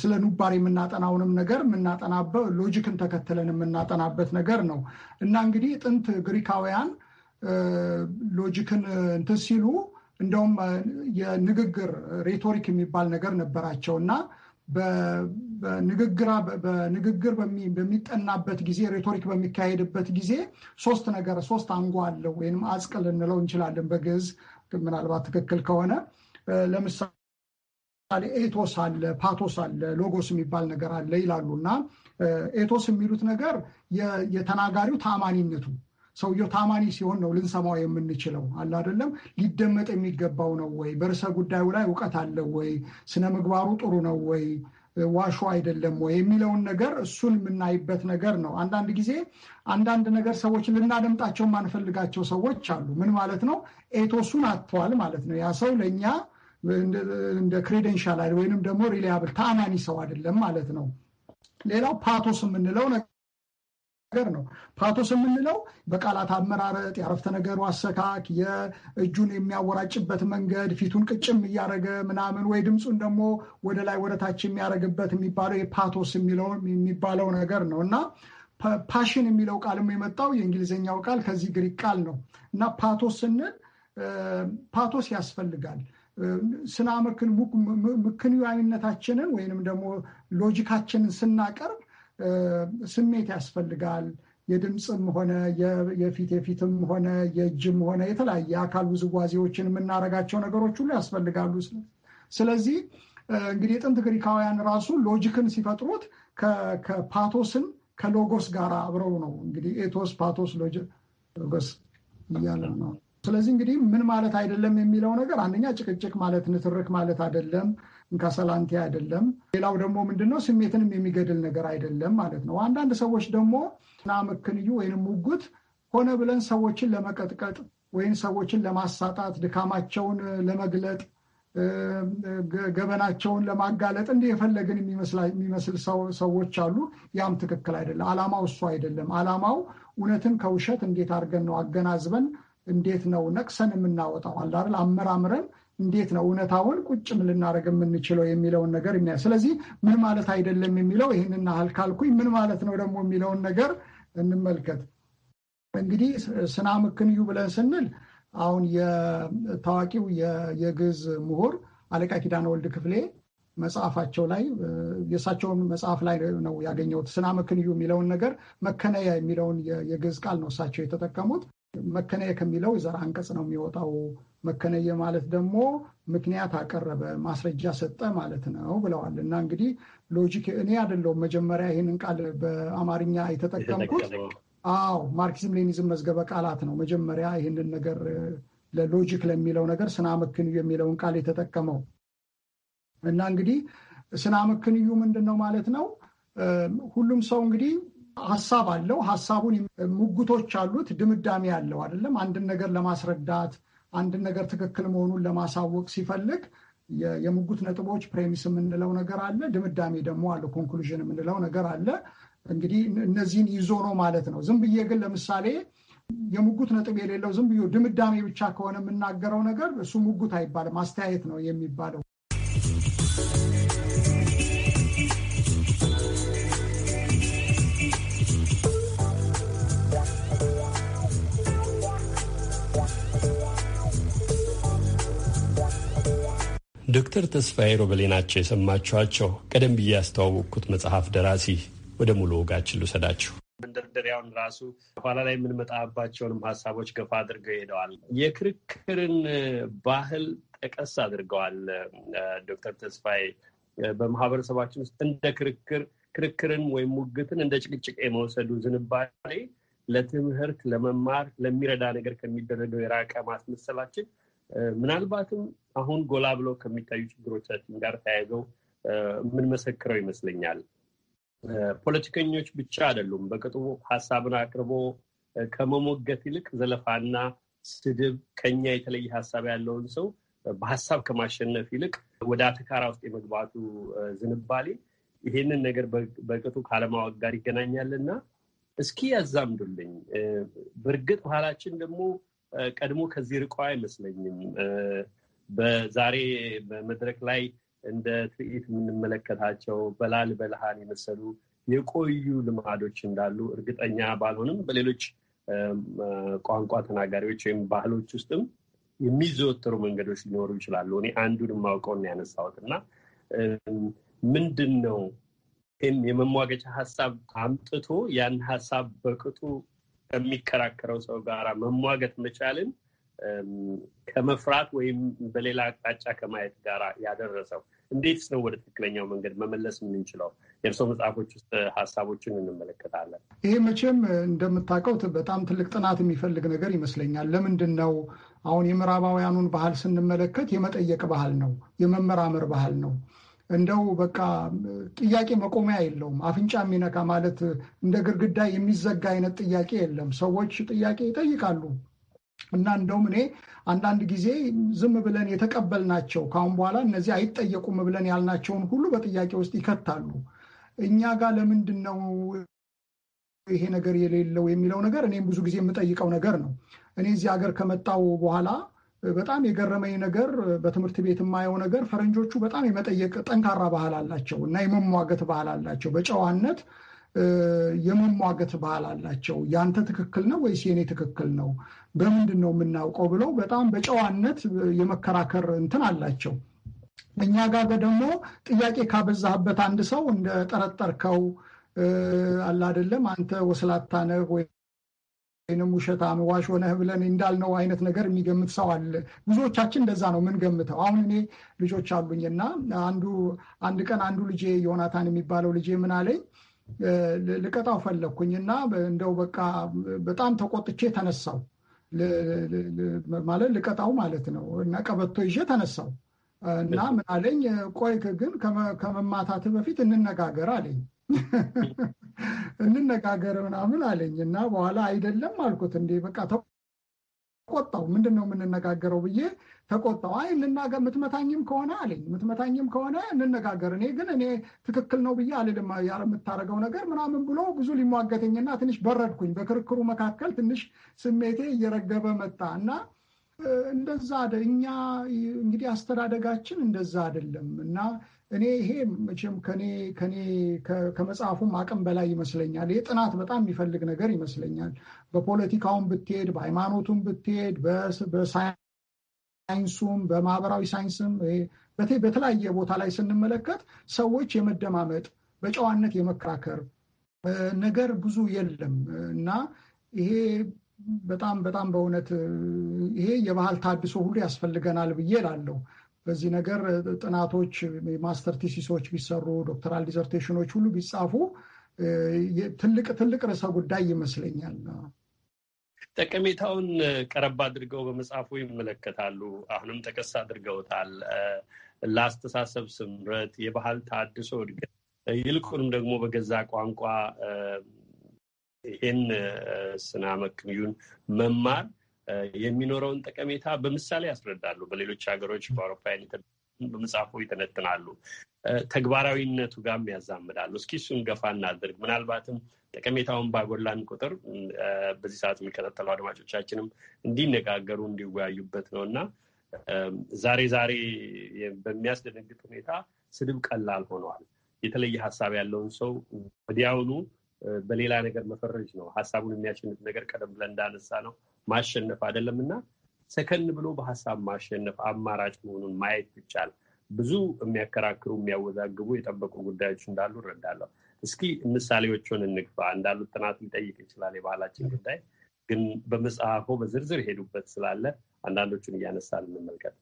S2: ስለ ኑባር የምናጠናውንም ነገር የምናጠናበት ሎጂክን ተከትለን የምናጠናበት ነገር ነው እና እንግዲህ ጥንት ግሪካውያን ሎጂክን እንትን ሲሉ እንደውም የንግግር ሬቶሪክ የሚባል ነገር ነበራቸው እና በንግግር በሚጠናበት ጊዜ ሬቶሪክ በሚካሄድበት ጊዜ ሶስት ነገር ሶስት አንጎ አለው ወይም አጽቅ ልንለው እንችላለን። በግዕዝ ምናልባት ትክክል ከሆነ ለምሳሌ ኤቶስ አለ፣ ፓቶስ አለ፣ ሎጎስ የሚባል ነገር አለ ይላሉ እና ኤቶስ የሚሉት ነገር የተናጋሪው ታማኒነቱ ሰውየው ታማኒ ሲሆን ነው ልንሰማው የምንችለው። አለ አይደለም ሊደመጥ የሚገባው ነው ወይ? በርዕሰ ጉዳዩ ላይ እውቀት አለው ወይ? ስነ ምግባሩ ጥሩ ነው ወይ? ዋሾ አይደለም ወይ? የሚለውን ነገር እሱን የምናይበት ነገር ነው። አንዳንድ ጊዜ አንዳንድ ነገር ሰዎች ልናደምጣቸው የማንፈልጋቸው ሰዎች አሉ። ምን ማለት ነው? ኤቶሱን አጥተዋል ማለት ነው። ያ ሰው ለእኛ እንደ ክሬደንሻል ወይንም ደግሞ ሪሊያብል ታማኒ ሰው አይደለም ማለት ነው። ሌላው ፓቶስ የምንለው ነገር ነገር ነው። ፓቶስ የምንለው በቃላት አመራረጥ፣ የአረፍተ ነገሩ አሰካክ፣ የእጁን የሚያወራጭበት መንገድ ፊቱን ቅጭም እያደረገ ምናምን ወይ ድምፁን ደግሞ ወደ ላይ ወደ ታች የሚያደረግበት የሚባለው የፓቶስ የሚባለው ነገር ነው እና ፓሽን የሚለው ቃልም የመጣው የእንግሊዝኛው ቃል ከዚህ ግሪክ ቃል ነው እና ፓቶስ ስንል ፓቶስ ያስፈልጋል ስናምክን ምክንያዊነታችንን ወይንም ደግሞ ሎጂካችንን ስናቀርብ ስሜት ያስፈልጋል። የድምፅም ሆነ የፊት የፊትም ሆነ የእጅም ሆነ የተለያየ አካል ውዝዋዜዎችን የምናደርጋቸው ነገሮች ሁሉ ያስፈልጋሉ። ስለዚህ እንግዲህ የጥንት ግሪካውያን ራሱ ሎጂክን ሲፈጥሩት ከፓቶስን ከሎጎስ ጋር አብረው ነው እንግዲህ ኤቶስ፣ ፓቶስ፣ ሎጎስ እያለ ነው። ስለዚህ እንግዲህ ምን ማለት አይደለም የሚለው ነገር አንደኛ ጭቅጭቅ ማለት ንትርክ ማለት አይደለም እንካሰላንቲ አይደለም። ሌላው ደግሞ ምንድነው ስሜትንም የሚገድል ነገር አይደለም ማለት ነው። አንዳንድ ሰዎች ደግሞ ናምክንዩ ወይም ሙጉት ሆነ ብለን ሰዎችን ለመቀጥቀጥ ወይም ሰዎችን ለማሳጣት ድካማቸውን ለመግለጥ ገበናቸውን ለማጋለጥ እንዲህ የፈለግን የሚመስል ሰዎች አሉ። ያም ትክክል አይደለም። አላማው እሱ አይደለም። አላማው እውነትን ከውሸት እንዴት አድርገን ነው አገናዝበን እንዴት ነው ነቅሰን የምናወጣው አላል አመራምረን እንዴት ነው እውነታውን ቁጭም ልናደርግ የምንችለው የሚለውን ነገር የሚያ ስለዚህ ምን ማለት አይደለም የሚለው ይህንን ያህል ካልኩኝ ምን ማለት ነው ደግሞ የሚለውን ነገር እንመልከት። እንግዲህ ስና ምክንዩ ብለን ስንል አሁን የታዋቂው የግዕዝ ምሁር አለቃ ኪዳነ ወልድ ክፍሌ መጽሐፋቸው ላይ የእሳቸውን መጽሐፍ ላይ ነው ያገኘሁት። ስና ምክንዩ የሚለውን ነገር መከነያ የሚለውን የግዕዝ ቃል ነው እሳቸው የተጠቀሙት። መከነያ ከሚለው ዘር አንቀጽ ነው የሚወጣው መከነየ ማለት ደግሞ ምክንያት አቀረበ፣ ማስረጃ ሰጠ ማለት ነው ብለዋል። እና እንግዲህ ሎጂክ እኔ አይደለሁም መጀመሪያ ይህንን ቃል በአማርኛ የተጠቀምኩት። አዎ ማርክሲዝም ሌኒዝም መዝገበ ቃላት ነው መጀመሪያ ይህንን ነገር ለሎጂክ ለሚለው ነገር ስናመክንዩ የሚለውን ቃል የተጠቀመው እና እንግዲህ ስናመክንዩ ምንድን ነው ማለት ነው? ሁሉም ሰው እንግዲህ ሀሳብ አለው። ሀሳቡን ሙግቶች አሉት፣ ድምዳሜ አለው አይደለም። አንድን ነገር ለማስረዳት አንድን ነገር ትክክል መሆኑን ለማሳወቅ ሲፈልግ የሙጉት ነጥቦች ፕሬሚስ የምንለው ነገር አለ፣ ድምዳሜ ደግሞ አለ፣ ኮንክሉዥን የምንለው ነገር አለ። እንግዲህ እነዚህን ይዞ ነው ማለት ነው። ዝም ብዬ ግን ለምሳሌ የሙጉት ነጥብ የሌለው ዝም ብዬ ድምዳሜ ብቻ ከሆነ የምናገረው ነገር እሱ ሙጉት አይባልም፣ አስተያየት ነው የሚባለው።
S1: ዶክተር ተስፋዬ ሮበሌ ናቸው የሰማችኋቸው። ቀደም ብዬ ያስተዋወቅኩት መጽሐፍ ደራሲ። ወደ ሙሉ ወጋችን ልውሰዳችሁ። መንደርደሪያውን ራሱ ኋላ ላይ የምንመጣባቸውንም ሀሳቦች ገፋ አድርገው ሄደዋል። የክርክርን ባህል ጠቀስ አድርገዋል ዶክተር ተስፋዬ። በማህበረሰባችን ውስጥ እንደ ክርክር ክርክርን ወይም ሙግትን እንደ ጭቅጭቅ የመውሰዱ ዝንባሌ ለትምህርት ለመማር ለሚረዳ ነገር ከሚደረገው የራቀ ማስመሰላችን ምናልባትም አሁን ጎላ ብለው ከሚታዩ ችግሮቻችን ጋር ተያይዘው የምንመሰክረው ይመስለኛል። ፖለቲከኞች ብቻ አይደሉም። በቅጡ ሀሳብን አቅርቦ ከመሞገት ይልቅ ዘለፋና ስድብ፣ ከኛ የተለየ ሀሳብ ያለውን ሰው በሀሳብ ከማሸነፍ ይልቅ ወደ አተካራ ውስጥ የመግባቱ ዝንባሌ ይሄንን ነገር በቅጡ ካለማወቅ ጋር ይገናኛልና እስኪ ያዛምዱልኝ። በእርግጥ ባህላችን ደግሞ ቀድሞ ከዚህ ርቆ አይመስለኝም። በዛሬ በመድረክ ላይ እንደ ትርኢት የምንመለከታቸው በላል በልሃን የመሰሉ የቆዩ ልማዶች እንዳሉ እርግጠኛ ባልሆንም በሌሎች ቋንቋ ተናጋሪዎች ወይም ባህሎች ውስጥም የሚዘወተሩ መንገዶች ሊኖሩ ይችላሉ። እኔ አንዱን የማውቀውን ያነሳሁት እና ምንድን ነው ይህን የመሟገቻ ሀሳብ አምጥቶ ያን ሀሳብ በቅጡ ከሚከራከረው ሰው ጋር መሟገት መቻልን ከመፍራት ወይም በሌላ አቅጣጫ ከማየት ጋር ያደረሰው እንዴት ነው ወደ ትክክለኛው መንገድ መመለስ የምንችለው? የእርስዎ መጽሐፎች ውስጥ ሀሳቦችን እንመለከታለን።
S2: ይሄ መቼም እንደምታውቀው በጣም ትልቅ ጥናት የሚፈልግ ነገር ይመስለኛል። ለምንድን ነው አሁን የምዕራባውያኑን ባህል ስንመለከት የመጠየቅ ባህል ነው፣ የመመራመር ባህል ነው። እንደው በቃ ጥያቄ መቆሚያ የለውም። አፍንጫ የሚነካ ማለት እንደ ግርግዳ የሚዘጋ አይነት ጥያቄ የለም። ሰዎች ጥያቄ ይጠይቃሉ እና እንደውም እኔ አንዳንድ ጊዜ ዝም ብለን የተቀበልናቸው ከአሁን በኋላ እነዚህ አይጠየቁም ብለን ያልናቸውን ሁሉ በጥያቄ ውስጥ ይከታሉ። እኛ ጋር ለምንድን ነው ይሄ ነገር የሌለው የሚለው ነገር እኔም ብዙ ጊዜ የምጠይቀው ነገር ነው። እኔ እዚህ ሀገር ከመጣው በኋላ በጣም የገረመኝ ነገር በትምህርት ቤት የማየው ነገር ፈረንጆቹ በጣም የመጠየቅ ጠንካራ ባህል አላቸው እና የመሟገት ባህል አላቸው። በጨዋነት የመሟገት ባህል አላቸው። ያንተ ትክክል ነው ወይስ የኔ ትክክል ነው በምንድን ነው የምናውቀው ብለው በጣም በጨዋነት የመከራከር እንትን አላቸው። እኛ ጋር ደግሞ ጥያቄ ካበዛህበት አንድ ሰው እንደ ጠረጠርከው አለ አይደለም አንተ ወስላታ ነህ ወይ ወይንም ውሸታም ዋሽ ሆነህ ብለን እንዳልነው አይነት ነገር የሚገምት ሰው አለ። ብዙዎቻችን እንደዛ ነው ገምተው አሁን እኔ ልጆች አሉኝ እና አንዱ አንድ ቀን አንዱ ልጄ ዮናታን የሚባለው ልጄ ምን አለኝ ልቀጣው ፈለግኩኝ እና እንደው በቃ በጣም ተቆጥቼ ተነሳው ማለት ልቀጣው ማለት ነው እና ቀበቶ ይዤ ተነሳው እና ምን አለኝ ቆይ ግን ከመማታትህ በፊት እንነጋገር አለኝ። እንነጋገር ምናምን አለኝ እና በኋላ አይደለም አልኩት። እንዴ በቃ ተቆጣው። ምንድን ነው የምንነጋገረው ብዬ ተቆጣው። አይ እንናገር፣ የምትመታኝም ከሆነ አለኝ፣ የምትመታኝም ከሆነ እንነጋገር። እኔ ግን እኔ ትክክል ነው ብዬ አልልም የምታደርገው ነገር ምናምን ብሎ ብዙ ሊሟገተኝና ትንሽ በረድኩኝ። በክርክሩ መካከል ትንሽ ስሜቴ እየረገበ መጣ እና እንደዛ እኛ እንግዲህ አስተዳደጋችን እንደዛ አይደለም እና እኔ ይሄ መቼም ከኔ ከኔ ከመጽሐፉም አቅም በላይ ይመስለኛል። ይህ ጥናት በጣም የሚፈልግ ነገር ይመስለኛል። በፖለቲካውም ብትሄድ፣ በሃይማኖቱም ብትሄድ፣ በሳይንሱም፣ በማህበራዊ ሳይንስም በተለያየ ቦታ ላይ ስንመለከት ሰዎች የመደማመጥ በጨዋነት የመከራከር ነገር ብዙ የለም እና ይሄ በጣም በጣም በእውነት ይሄ የባህል ታድሶ ሁሉ ያስፈልገናል ብዬ እላለሁ። በዚህ ነገር ጥናቶች፣ ማስተር ቲሲሶች ቢሰሩ፣ ዶክተራል ዲዘርቴሽኖች ሁሉ ቢጻፉ ትልቅ ትልቅ ርዕሰ ጉዳይ ይመስለኛል።
S1: ጠቀሜታውን ቀረብ አድርገው በመጽሐፉ ይመለከታሉ። አሁንም ጠቀስ አድርገውታል። ለአስተሳሰብ ስምረት፣ የባህል ታድሶ እድገት፣ ይልቁንም ደግሞ በገዛ ቋንቋ ይህን ስና አመክንዮን መማር የሚኖረውን ጠቀሜታ በምሳሌ ያስረዳሉ። በሌሎች ሀገሮች በአውሮፓውያን በመጽሐፉ ይተነትናሉ። ተግባራዊነቱ ጋርም ያዛምዳሉ። እስኪ እሱን ገፋ እናድርግ። ምናልባትም ጠቀሜታውን ባጎላን ቁጥር በዚህ ሰዓት የሚከታተሉ አድማጮቻችንም እንዲነጋገሩ እንዲወያዩበት ነው እና ዛሬ ዛሬ በሚያስደነግጥ ሁኔታ ስድብ ቀላል ሆነዋል። የተለየ ሀሳብ ያለውን ሰው ወዲያውኑ በሌላ ነገር መፈረጅ ነው። ሀሳቡን የሚያሸንፍ ነገር ቀደም ብለን እንዳነሳ ነው ማሸነፍ አይደለም እና ሰከን ብሎ በሀሳብ ማሸነፍ አማራጭ መሆኑን ማየት ይቻል። ብዙ የሚያከራክሩ የሚያወዛግቡ የጠበቁ ጉዳዮች እንዳሉ እረዳለሁ። እስኪ ምሳሌዎቹን እንግፋ። እንዳሉት ጥናት ሊጠይቅ ይችላል የባህላችን ጉዳይ ግን በመጽሐፎ በዝርዝር ሄዱበት ስላለ አንዳንዶቹን እያነሳን እንመልከት።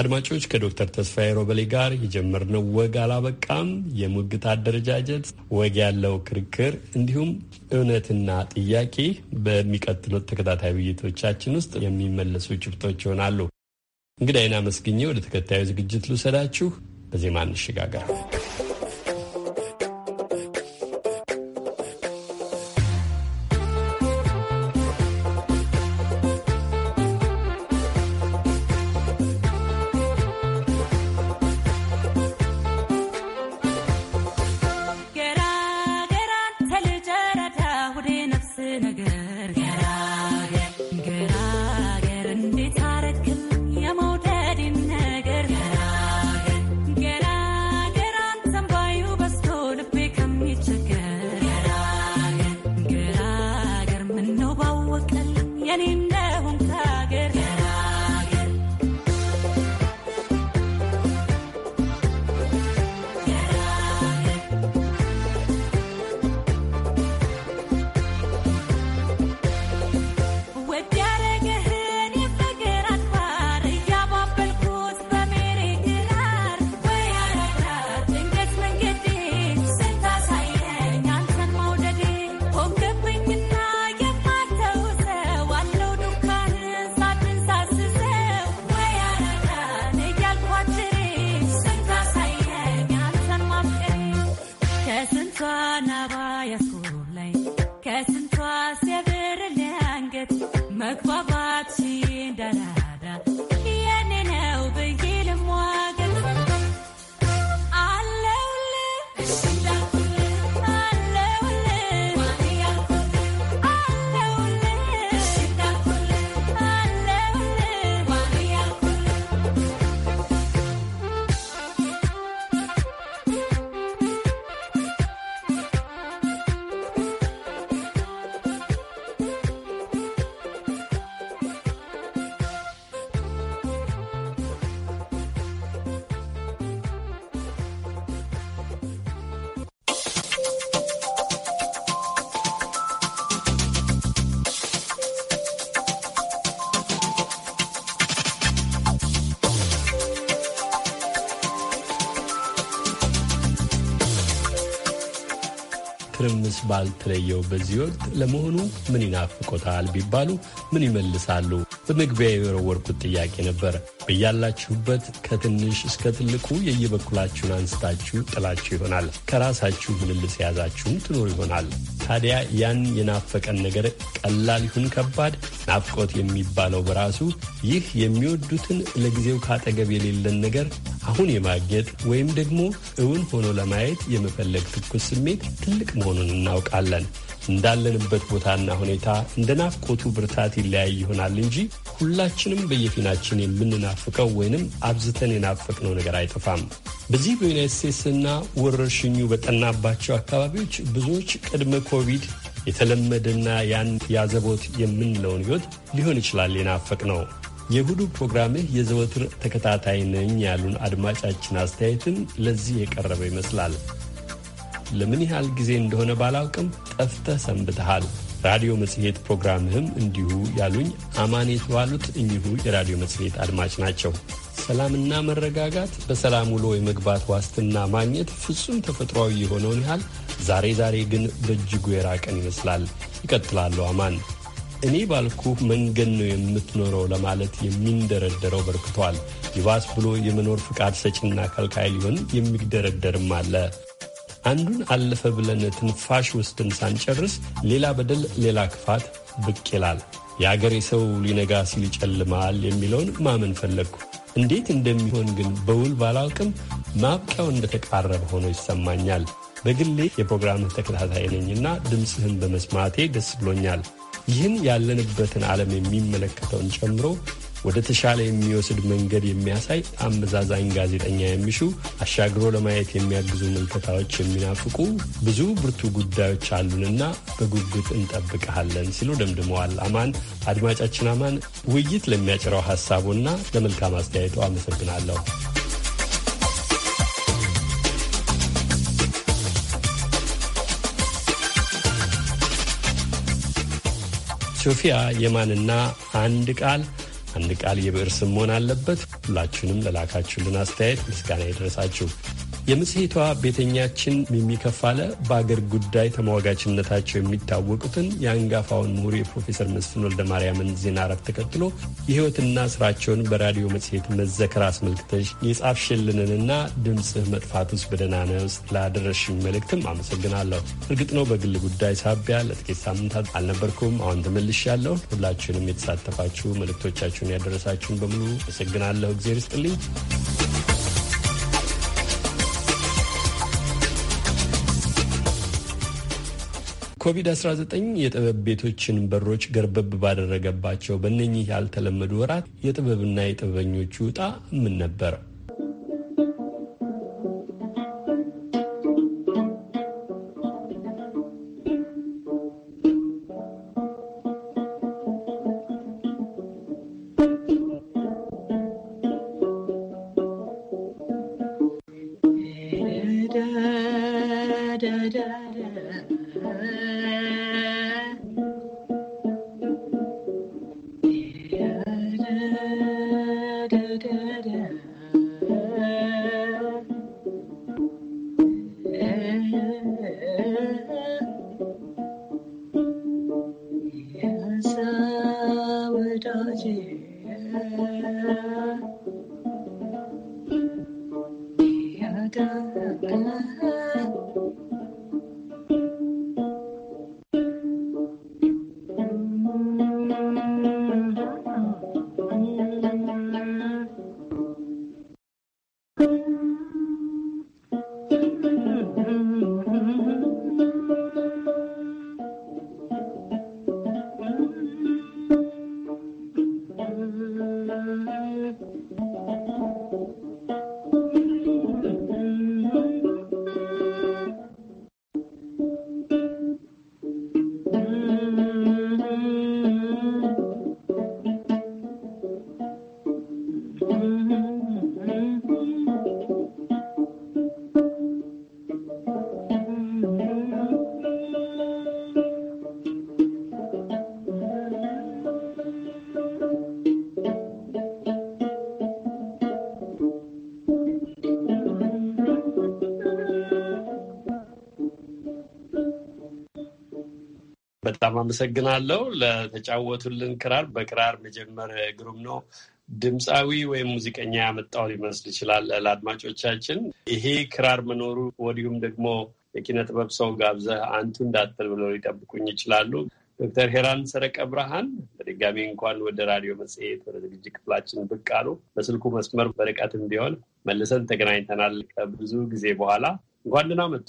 S1: አድማጮች ከዶክተር ተስፋዬ ሮበሌ ጋር የጀመርነው ወግ አላበቃም። የሙግት አደረጃጀት፣ ወግ ያለው ክርክር እንዲሁም እውነትና ጥያቄ በሚቀጥሉት ተከታታይ ውይይቶቻችን ውስጥ የሚመለሱ ጭብጦች ይሆናሉ። እንግዲህ አይና መስግኘ ወደ ተከታዩ ዝግጅት ልውሰዳችሁ። በዜማ እንሸጋገር። ከምስ ባልተለየው በዚህ ወቅት ለመሆኑ ምን ይናፍቆታል ቢባሉ ምን ይመልሳሉ? በመግቢያ የወረወርኩት ጥያቄ ነበር። በያላችሁበት ከትንሽ እስከ ትልቁ የየበኩላችሁን አንስታችሁ ጥላችሁ ይሆናል። ከራሳችሁ ምልልስ የያዛችሁም ትኖር ይሆናል። ታዲያ ያን የናፈቀን ነገር ቀላል ይሁን ከባድ፣ ናፍቆት የሚባለው በራሱ ይህ የሚወዱትን ለጊዜው ካጠገብ የሌለን ነገር አሁን የማግኘት ወይም ደግሞ እውን ሆኖ ለማየት የመፈለግ ትኩስ ስሜት ትልቅ መሆኑን እናውቃለን። እንዳለንበት ቦታና ሁኔታ እንደ ናፍቆቱ ብርታት ይለያይ ይሆናል እንጂ ሁላችንም በየፊናችን የምንናፍቀው ወይንም አብዝተን የናፈቅነው ነገር አይጠፋም። በዚህ በዩናይት ስቴትስና ወረርሽኙ በጠናባቸው አካባቢዎች ብዙዎች ቅድመ ኮቪድ የተለመደና ያን ያዘቦት የምንለውን ሕይወት ሊሆን ይችላል የናፈቅ ነው። የእሁዱ ፕሮግራምህ የዘወትር ተከታታይ ነኝ ያሉን አድማጫችን አስተያየትን ለዚህ የቀረበ ይመስላል። ለምን ያህል ጊዜ እንደሆነ ባላውቅም ጠፍተህ ሰንብተሃል። ራዲዮ መጽሔት ፕሮግራምህም እንዲሁ ያሉኝ አማን የተባሉት እኚሁ የራዲዮ መጽሔት አድማጭ ናቸው። ሰላምና መረጋጋት በሰላም ውሎ የመግባት ዋስትና ማግኘት ፍጹም ተፈጥሯዊ የሆነውን ያህል ዛሬ ዛሬ ግን በእጅጉ የራቀን ይመስላል። ይቀጥላሉ አማን እኔ ባልኩ መንገድ ነው የምትኖረው ለማለት የሚንደረደረው በርክቷል። ይባስ ብሎ የመኖር ፍቃድ ሰጪና ከልካይ ሊሆን የሚደረደርም አለ። አንዱን አለፈ ብለን ትንፋሽ ውስጥን ሳንጨርስ ሌላ በደል፣ ሌላ ክፋት ብቅ ይላል። የአገሬ ሰው ሊነጋ ሲል ይጨልማል የሚለውን ማመን ፈለግኩ። እንዴት እንደሚሆን ግን በውል ባላውቅም ማብቂያው እንደተቃረበ ሆኖ ይሰማኛል። በግሌ የፕሮግራምህ ተከታታይ ነኝና ድምፅህን በመስማቴ ደስ ብሎኛል። ይህን ያለንበትን ዓለም የሚመለከተውን ጨምሮ ወደ ተሻለ የሚወስድ መንገድ የሚያሳይ አመዛዛኝ ጋዜጠኛ የሚሹ አሻግሮ ለማየት የሚያግዙ ምልከታዎች የሚናፍቁ ብዙ ብርቱ ጉዳዮች አሉንና በጉጉት እንጠብቀሃለን ሲሉ ደምድመዋል። አማን አድማጫችን አማን ውይይት ለሚያጭረው ሀሳቡና ለመልካም አስተያየቱ አመሰግናለሁ። ሶፊያ የማንና አንድ ቃል አንድ ቃል የብዕር ስም መሆን አለበት። ሁላችሁንም ለላካችሁልን አስተያየት ምስጋና ይድረሳችሁ። የመጽሔቷ ቤተኛችን የሚከፋለ በአገር ጉዳይ ተሟጋችነታቸው የሚታወቁትን የአንጋፋውን ምሁር የፕሮፌሰር መስፍን ወልደ ማርያምን ዜና አረፍ ተከትሎ የህይወትና ስራቸውን በራዲዮ መጽሔት መዘከር አስመልክተሽ የጻፍሽልንንና ድምፅህ መጥፋት ውስጥ በደናነ ውስጥ ላደረሽኝ መልእክትም አመሰግናለሁ። እርግጥ ነው በግል ጉዳይ ሳቢያ ለጥቂት ሳምንታት አልነበርኩም። አሁን ተመልሻለሁ። ሁላችሁንም የተሳተፋችሁ መልእክቶቻችሁን ያደረሳችሁን በሙሉ አመሰግናለሁ። እግዜር ይስጥልኝ። ኮቪድ-19 የጥበብ ቤቶችን በሮች ገርበብ ባደረገባቸው በእነኚህ ያልተለመዱ ወራት የጥበብና የጥበበኞቹ ውጣ ምን ነበር? በጣም አመሰግናለሁ ለተጫወቱልን ክራር። በክራር መጀመር ግሩም ነው። ድምፃዊ ወይም ሙዚቀኛ ያመጣው ሊመስል ይችላል። ለአድማጮቻችን ይሄ ክራር መኖሩ ወዲሁም ደግሞ የኪነ ጥበብ ሰው ጋብዘህ አንቱ እንዳትል ብለው ሊጠብቁኝ ይችላሉ። ዶክተር ሄራን ሰረቀ ብርሃን በድጋሚ እንኳን ወደ ራዲዮ መጽሔት ወደ ዝግጅት ክፍላችን ብቅ አሉ። በስልኩ መስመር በርቀትም ቢሆን መልሰን ተገናኝተናል። ከብዙ ጊዜ በኋላ እንኳን ደህና መጡ።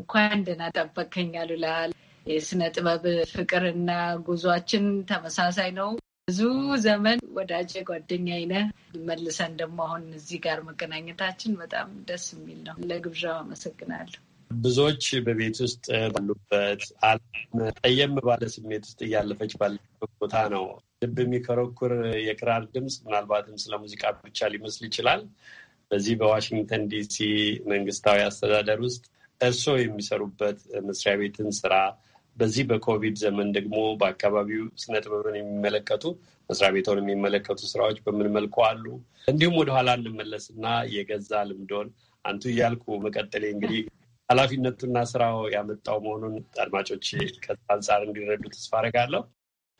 S3: እንኳን ደህና ጠበቀኝ አሉላል። የስነ ጥበብ ፍቅርና ጉዟችን ተመሳሳይ ነው። ብዙ ዘመን ወዳጅ ጓደኛ ነህ። መልሰን ደግሞ አሁን እዚህ ጋር መገናኘታችን በጣም ደስ የሚል ነው። ለግብዣው አመሰግናለሁ።
S1: ብዙዎች በቤት ውስጥ ባሉበት ዓለም ጠየም ባለ ስሜት ውስጥ እያለፈች ባለበት ቦታ ነው። ልብ የሚኮረኩር የክራር ድምፅ ምናልባትም ስለ ሙዚቃ ብቻ ሊመስል ይችላል። በዚህ በዋሽንግተን ዲሲ መንግስታዊ አስተዳደር ውስጥ እርስዎ የሚሰሩበት መስሪያ ቤትን ስራ በዚህ በኮቪድ ዘመን ደግሞ በአካባቢው ስነ ጥበብን የሚመለከቱ መስሪያ ቤቶን የሚመለከቱ ስራዎች በምን መልኩ አሉ? እንዲሁም ወደኋላ እንመለስና የገዛ ልምዶን አንቱ እያልኩ መቀጠሌ እንግዲህ ኃላፊነቱና ስራው ያመጣው መሆኑን አድማጮች ከዛ አንጻር እንዲረዱ ተስፋ አደርጋለሁ።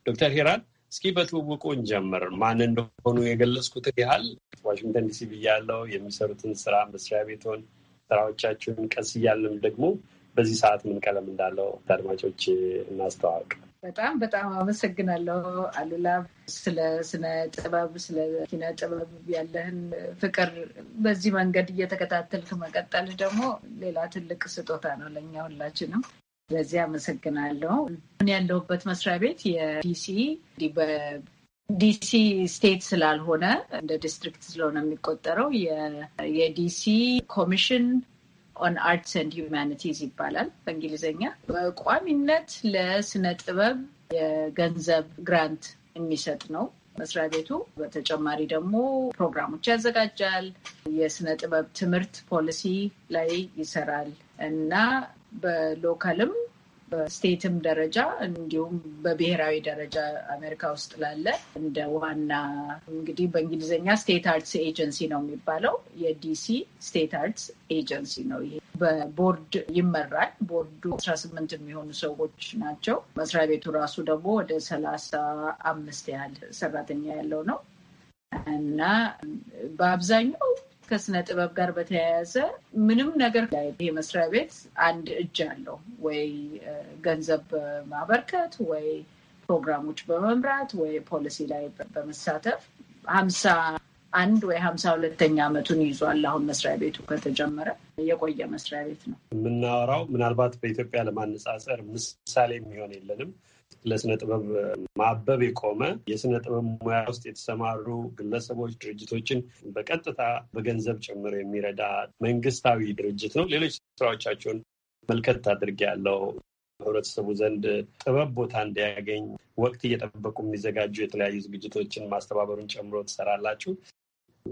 S1: ዶክተር ሄራን እስኪ በትውውቁ እንጀምር። ማን እንደሆኑ የገለጽኩትን ያህል ዋሽንግተን ዲሲ ብያለው፣ የሚሰሩትን ስራ መስሪያ ቤቶን፣ ስራዎቻችሁን ቀስ እያልንም ደግሞ በዚህ ሰዓት ምን ቀለም እንዳለው አድማጮች እናስተዋወቅ።
S3: በጣም በጣም አመሰግናለሁ አሉላ፣ ስለ ስነ ጥበብ ስለ ኪነ ጥበብ ያለህን ፍቅር በዚህ መንገድ እየተከታተልክ መቀጠል ደግሞ ሌላ ትልቅ ስጦታ ነው ለእኛ ሁላችንም። በዚህ አመሰግናለሁ። ምን ያለሁበት መስሪያ ቤት የዲሲ ዲሲ ስቴት ስላልሆነ እንደ ዲስትሪክት ስለሆነ የሚቆጠረው የዲሲ ኮሚሽን ኦን አርትስ ኤንድ ሂውማኒቲዝ ይባላል በእንግሊዝኛ። በቋሚነት ለስነ ጥበብ የገንዘብ ግራንት የሚሰጥ ነው መስሪያ ቤቱ። በተጨማሪ ደግሞ ፕሮግራሞች ያዘጋጃል። የስነ ጥበብ ትምህርት ፖሊሲ ላይ ይሰራል እና በሎካልም በስቴትም ደረጃ እንዲሁም በብሔራዊ ደረጃ አሜሪካ ውስጥ ላለ እንደ ዋና እንግዲህ በእንግሊዝኛ ስቴት አርትስ ኤጀንሲ ነው የሚባለው። የዲሲ ስቴት አርትስ ኤጀንሲ ነው። ይሄ በቦርድ ይመራል። ቦርዱ አስራ ስምንት የሚሆኑ ሰዎች ናቸው። መስሪያ ቤቱ ራሱ ደግሞ ወደ ሰላሳ አምስት ያህል ሰራተኛ ያለው ነው እና በአብዛኛው ከስነ ጥበብ ጋር በተያያዘ ምንም ነገር ይሄ መስሪያ ቤት አንድ እጅ አለው ወይ ገንዘብ በማበርከት ወይ ፕሮግራሞች በመምራት ወይ ፖሊሲ ላይ በመሳተፍ ሀምሳ አንድ ወይ ሀምሳ ሁለተኛ ዓመቱን ይዟል። አሁን መስሪያ ቤቱ ከተጀመረ የቆየ መስሪያ ቤት
S1: ነው። የምናወራው ምናልባት በኢትዮጵያ ለማነጻጸር ምሳሌ የሚሆን የለንም ለስነ ጥበብ ማበብ የቆመ የስነ ጥበብ ሙያ ውስጥ የተሰማሩ ግለሰቦች፣ ድርጅቶችን በቀጥታ በገንዘብ ጭምር የሚረዳ መንግስታዊ ድርጅት ነው። ሌሎች ስራዎቻቸውን መልከት አድርጌ ያለው ህብረተሰቡ ዘንድ ጥበብ ቦታ እንዲያገኝ ወቅት እየጠበቁ የሚዘጋጁ የተለያዩ ዝግጅቶችን ማስተባበሩን ጨምሮ ትሰራላችሁ።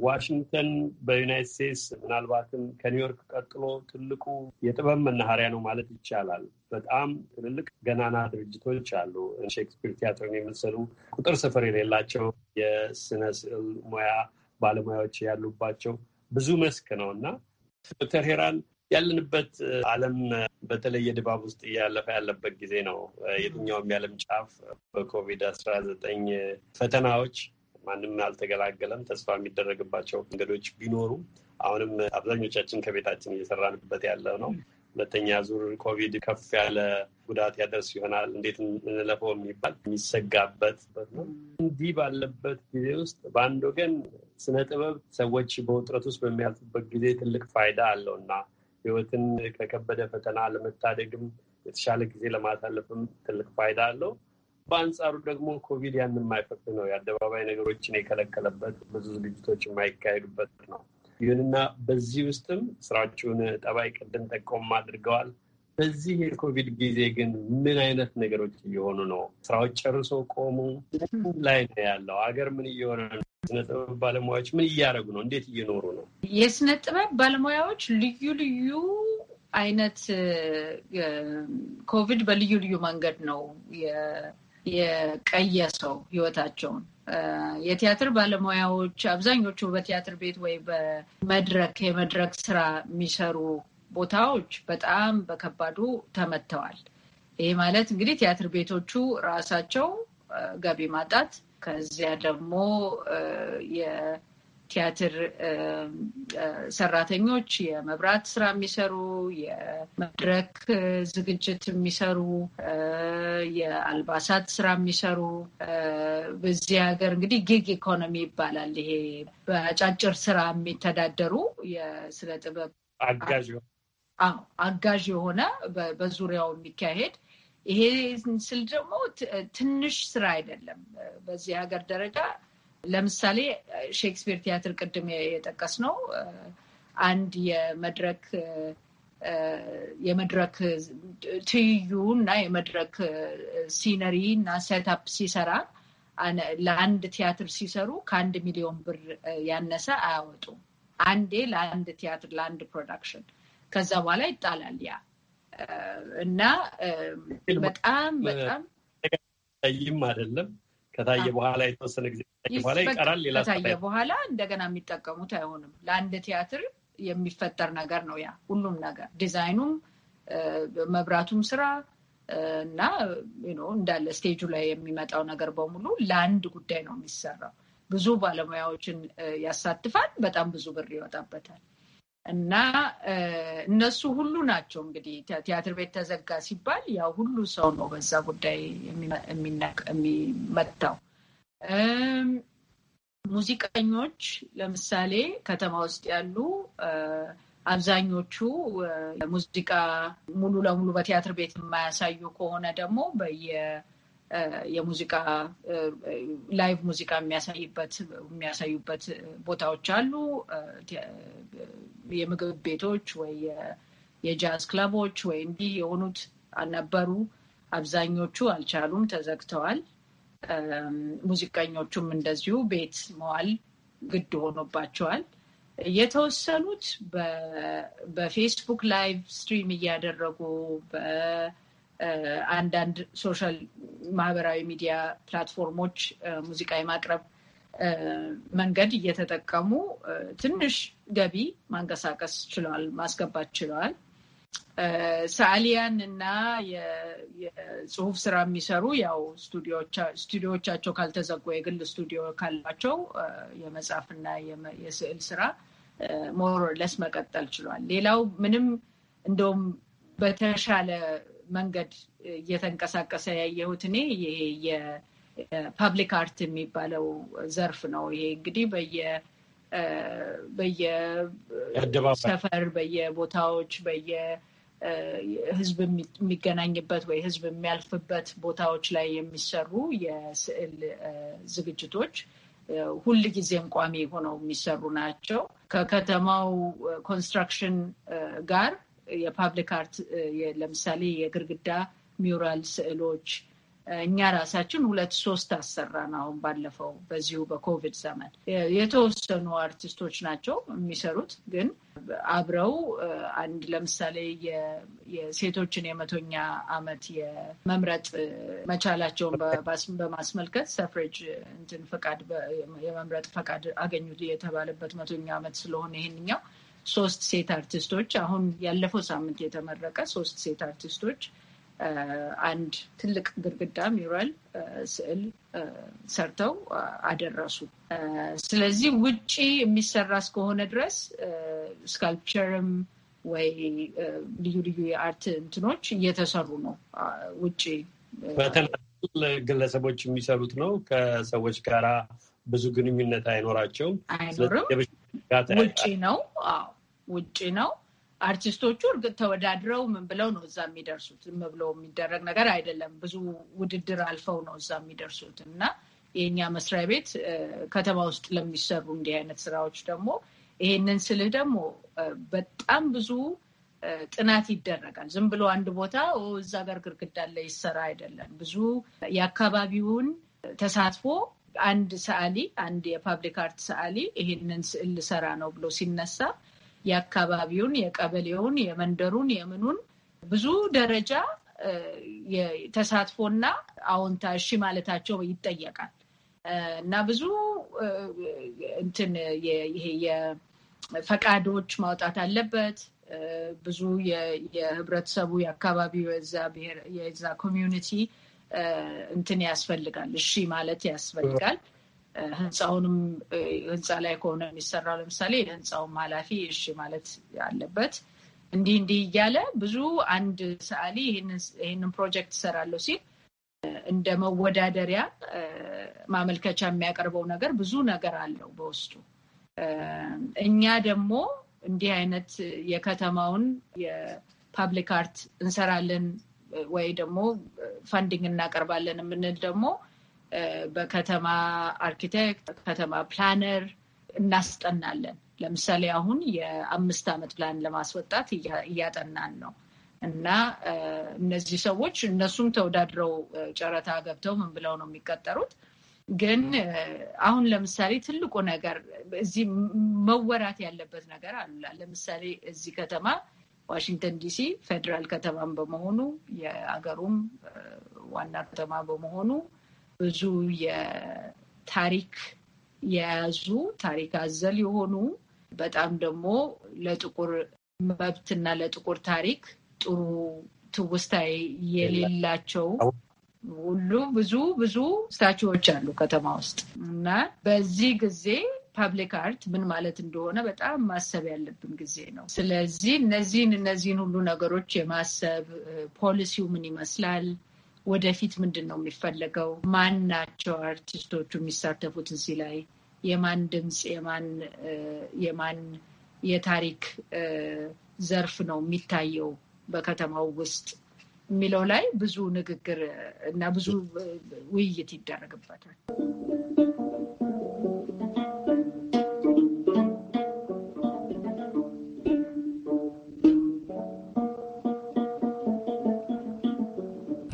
S1: ዋሽንግተን በዩናይት ስቴትስ ምናልባትም ከኒውዮርክ ቀጥሎ ትልቁ የጥበብ መናኸሪያ ነው ማለት ይቻላል። በጣም ትልልቅ ገናና ድርጅቶች አሉ። ሼክስፒር ቲያትርን የመሰሉ ቁጥር ስፍር የሌላቸው የስነ ስዕል ሙያ ባለሙያዎች ያሉባቸው ብዙ መስክ ነው እና ዶክተር ሄራን ያለንበት ዓለም በተለይ የድባብ ውስጥ እያለፈ ያለበት ጊዜ ነው። የትኛውም የዓለም ጫፍ በኮቪድ አስራ ዘጠኝ ፈተናዎች ማንም አልተገላገለም። ተስፋ የሚደረግባቸው መንገዶች ቢኖሩም አሁንም አብዛኞቻችን ከቤታችን እየሰራንበት ያለ ነው። ሁለተኛ ዙር ኮቪድ ከፍ ያለ ጉዳት ያደርስ ይሆናል፣ እንዴት እንለፈው የሚባል የሚሰጋበት ነው። እንዲህ ባለበት ጊዜ ውስጥ በአንድ ወገን ስነ ጥበብ ሰዎች በውጥረት ውስጥ በሚያልፉበት ጊዜ ትልቅ ፋይዳ አለው እና ህይወትን ከከበደ ፈተና ለመታደግም የተሻለ ጊዜ ለማሳለፍም ትልቅ ፋይዳ አለው። በአንጻሩ ደግሞ ኮቪድ ያን የማይፈቅድ ነው። የአደባባይ ነገሮችን የከለከለበት ብዙ ዝግጅቶች የማይካሄዱበት ነው። ይሁንና በዚህ ውስጥም ስራችሁን ጠባይ ቅድም ጠቆም አድርገዋል። በዚህ የኮቪድ ጊዜ ግን ምን አይነት ነገሮች እየሆኑ ነው? ስራዎች ጨርሶ ቆሙ ላይ ነው ያለው? አገር ምን እየሆነ ነው? የስነ ጥበብ ባለሙያዎች ምን እያደረጉ ነው? እንዴት እየኖሩ ነው?
S3: የስነ ጥበብ ባለሙያዎች ልዩ ልዩ አይነት ኮቪድ በልዩ ልዩ መንገድ ነው የቀየሰው ህይወታቸውን። የቲያትር ባለሙያዎች አብዛኞቹ በቲያትር ቤት ወይ በመድረክ የመድረክ ስራ የሚሰሩ ቦታዎች በጣም በከባዱ ተመተዋል። ይሄ ማለት እንግዲህ ቲያትር ቤቶቹ ራሳቸው ገቢ ማጣት ከዚያ ደግሞ ቲያትር ሰራተኞች፣ የመብራት ስራ የሚሰሩ፣ የመድረክ ዝግጅት የሚሰሩ፣ የአልባሳት ስራ የሚሰሩ በዚህ ሀገር እንግዲህ ጊግ ኢኮኖሚ ይባላል። ይሄ በአጫጭር ስራ የሚተዳደሩ የስነ ጥበብ አጋዥ አጋዥ የሆነ በዙሪያው የሚካሄድ ይሄ ስል ደግሞ ትንሽ ስራ አይደለም። በዚህ ሀገር ደረጃ ለምሳሌ ሼክስፒር ቲያትር ቅድም የጠቀስ ነው አንድ የመድረክ የመድረክ ትይዩ እና የመድረክ ሲነሪ እና ሴትፕ ሲሰራ ለአንድ ቲያትር ሲሰሩ ከአንድ ሚሊዮን ብር ያነሰ አያወጡም። አንዴ ለአንድ ቲያትር ለአንድ ፕሮዳክሽን ከዛ በኋላ ይጣላል ያ እና በጣም በጣም
S1: ይም አይደለም ከታየ በኋላ የተወሰነ ጊዜ በኋላ ይቀራል። ሌላ ከታየ
S3: በኋላ እንደገና የሚጠቀሙት አይሆንም። ለአንድ ቲያትር የሚፈጠር ነገር ነው ያ ሁሉም ነገር ዲዛይኑም፣ መብራቱም ስራ እና እንዳለ ስቴጁ ላይ የሚመጣው ነገር በሙሉ ለአንድ ጉዳይ ነው የሚሰራው። ብዙ ባለሙያዎችን ያሳትፋል። በጣም ብዙ ብር ይወጣበታል። እና እነሱ ሁሉ ናቸው እንግዲህ ቲያትር ቤት ተዘጋ ሲባል ያው ሁሉ ሰው ነው በዛ ጉዳይ የሚመታው። ሙዚቀኞች ለምሳሌ ከተማ ውስጥ ያሉ አብዛኞቹ ሙዚቃ ሙሉ ለሙሉ በቲያትር ቤት የማያሳዩ ከሆነ ደግሞ በየ የሙዚቃ ላይቭ ሙዚቃ የሚያሳይበት የሚያሳዩበት ቦታዎች አሉ። የምግብ ቤቶች ወይ የጃዝ ክለቦች ወይ እንዲህ የሆኑት አልነበሩ። አብዛኞቹ አልቻሉም፣ ተዘግተዋል። ሙዚቀኞቹም እንደዚሁ ቤት መዋል ግድ ሆኖባቸዋል። የተወሰኑት በፌስቡክ ላይቭ ስትሪም እያደረጉ አንዳንድ ሶሻል ማህበራዊ ሚዲያ ፕላትፎርሞች ሙዚቃ የማቅረብ መንገድ እየተጠቀሙ ትንሽ ገቢ ማንቀሳቀስ ችለዋል፣ ማስገባት ችለዋል። ሰዓሊያን እና የጽሁፍ ስራ የሚሰሩ ያው ስቱዲዮዎቻቸው ካልተዘጉ የግል ስቱዲዮ ካላቸው የመጽሐፍና የስዕል ስራ ለስ መቀጠል ችሏል። ሌላው ምንም እንደውም በተሻለ መንገድ እየተንቀሳቀሰ ያየሁት እኔ ይሄ የፐብሊክ አርት የሚባለው ዘርፍ ነው። ይሄ እንግዲህ በየ በየሰፈር በየቦታዎች በየ ህዝብ የሚገናኝበት ወይ ህዝብ የሚያልፍበት ቦታዎች ላይ የሚሰሩ የስዕል ዝግጅቶች ሁል ጊዜም ቋሚ ሆነው የሚሰሩ ናቸው። ከከተማው ኮንስትራክሽን ጋር የፓብሊክ አርት ለምሳሌ የግርግዳ ሚውራል ስዕሎች እኛ ራሳችን ሁለት ሶስት አሰራን። አሁን ባለፈው በዚሁ በኮቪድ ዘመን የተወሰኑ አርቲስቶች ናቸው የሚሰሩት፣ ግን አብረው አንድ ለምሳሌ የሴቶችን የመቶኛ ዓመት የመምረጥ መቻላቸውን በማስመልከት ሰፍሬጅ እንትን ፈቃድ የመምረጥ ፈቃድ አገኙ የተባለበት መቶኛ ዓመት ስለሆነ ይሄንኛው ሶስት ሴት አርቲስቶች አሁን ያለፈው ሳምንት የተመረቀ ሶስት ሴት አርቲስቶች አንድ ትልቅ ግድግዳ ሚራል ስዕል ሰርተው አደረሱ። ስለዚህ ውጪ የሚሰራ እስከሆነ ድረስ ስካልፕቸርም ወይ ልዩ ልዩ የአርት እንትኖች እየተሰሩ ነው። ውጪ በተለ
S1: ግለሰቦች የሚሰሩት ነው። ከሰዎች ጋራ ብዙ ግንኙነት አይኖራቸውም። አይኖርም። ውጪ
S3: ነው። አዎ ውጭ ነው። አርቲስቶቹ እርግጥ ተወዳድረው ምን ብለው ነው እዛ የሚደርሱት? ዝም ብለው የሚደረግ ነገር አይደለም። ብዙ ውድድር አልፈው ነው እዛ የሚደርሱት እና የእኛ መስሪያ ቤት ከተማ ውስጥ ለሚሰሩ እንዲህ አይነት ስራዎች ደግሞ ይሄንን ስልህ ደግሞ በጣም ብዙ ጥናት ይደረጋል። ዝም ብሎ አንድ ቦታ እዛ ጋር ግርግዳ ላይ ይሰራ አይደለም። ብዙ የአካባቢውን ተሳትፎ አንድ ሰዓሊ አንድ የፓብሊክ አርት ሰዓሊ ይሄንን ስዕል ልሰራ ነው ብሎ ሲነሳ የአካባቢውን፣ የቀበሌውን፣ የመንደሩን፣ የምኑን ብዙ ደረጃ ተሳትፎና አዎንታ እሺ ማለታቸው ይጠየቃል እና ብዙ እንትን ይሄ የፈቃዶች ማውጣት አለበት። ብዙ የህብረተሰቡ የአካባቢው የዛ ኮሚዩኒቲ እንትን ያስፈልጋል፣ እሺ ማለት ያስፈልጋል። ህንፃውንም ህንፃ ላይ ከሆነ የሚሰራው ለምሳሌ የህንፃውም ኃላፊ እሺ ማለት አለበት። እንዲህ እንዲህ እያለ ብዙ አንድ ሰዓሊ ይህንን ፕሮጀክት እሰራለሁ ሲል እንደ መወዳደሪያ ማመልከቻ የሚያቀርበው ነገር ብዙ ነገር አለው በውስጡ። እኛ ደግሞ እንዲህ አይነት የከተማውን የፓብሊክ አርት እንሰራለን ወይ ደግሞ ፈንዲንግ እናቀርባለን የምንል ደግሞ በከተማ አርኪቴክት፣ ከተማ ፕላነር እናስጠናለን። ለምሳሌ አሁን የአምስት ዓመት ፕላን ለማስወጣት እያጠናን ነው እና እነዚህ ሰዎች እነሱም ተወዳድረው ጨረታ ገብተው ምን ብለው ነው የሚቀጠሩት? ግን አሁን ለምሳሌ ትልቁ ነገር እዚህ መወራት ያለበት ነገር አሉላ ለምሳሌ እዚህ ከተማ ዋሽንግተን ዲሲ ፌዴራል ከተማም በመሆኑ የአገሩም ዋና ከተማ በመሆኑ ብዙ የታሪክ የያዙ ታሪክ አዘል የሆኑ በጣም ደግሞ ለጥቁር መብትና ለጥቁር ታሪክ ጥሩ ትውስታ የሌላቸው ሁሉ ብዙ ብዙ ስታችዎች አሉ ከተማ ውስጥ እና በዚህ ጊዜ ፓብሊክ አርት ምን ማለት እንደሆነ በጣም ማሰብ ያለብን ጊዜ ነው። ስለዚህ እነዚህን እነዚህን ሁሉ ነገሮች የማሰብ ፖሊሲው ምን ይመስላል ወደፊት ምንድን ነው የሚፈለገው? ማን ናቸው አርቲስቶቹ የሚሳተፉት እዚህ ላይ? የማን ድምፅ የማን የማን የታሪክ ዘርፍ ነው የሚታየው በከተማው ውስጥ የሚለው ላይ ብዙ ንግግር እና ብዙ ውይይት ይደረግበታል።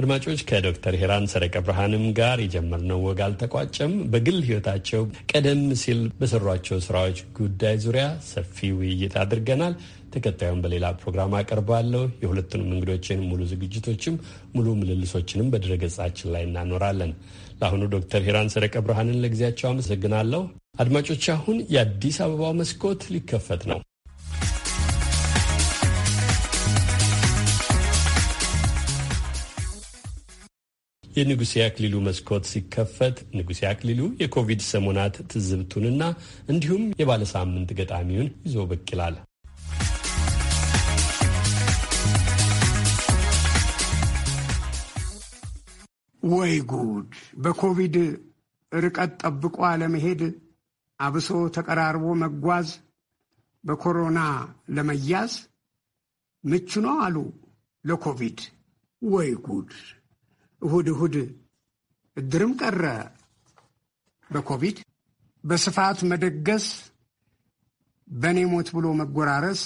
S1: አድማጮች ከዶክተር ሄራን ሰረቀ ብርሃንም ጋር የጀመርነው ወግ አልተቋጨም። በግል ህይወታቸው ቀደም ሲል በሰሯቸው ስራዎች ጉዳይ ዙሪያ ሰፊ ውይይት አድርገናል። ተከታዩን በሌላ ፕሮግራም አቀርባለሁ። የሁለቱንም እንግዶችን ሙሉ ዝግጅቶችም ሙሉ ምልልሶችንም በድረገጻችን ላይ እናኖራለን። ለአሁኑ ዶክተር ሄራን ሰረቀ ብርሃንን ለጊዜያቸው አመሰግናለሁ። አድማጮች አሁን የአዲስ አበባው መስኮት ሊከፈት ነው። የንጉሴ አክሊሉ መስኮት ሲከፈት ንጉሴ አክሊሉ የኮቪድ ሰሞናት ትዝብቱንና እንዲሁም የባለሳምንት ገጣሚውን ይዞ ብቅ ይላል።
S8: ወይ ጉድ! በኮቪድ ርቀት ጠብቆ አለመሄድ፣ አብሶ ተቀራርቦ መጓዝ በኮሮና ለመያዝ ምቹ ነው አሉ ለኮቪድ። ወይ ጉድ! እሁድ እሁድ እድርም ቀረ። በኮቪድ በስፋት መደገስ፣ በእኔ ሞት ብሎ መጎራረስ፣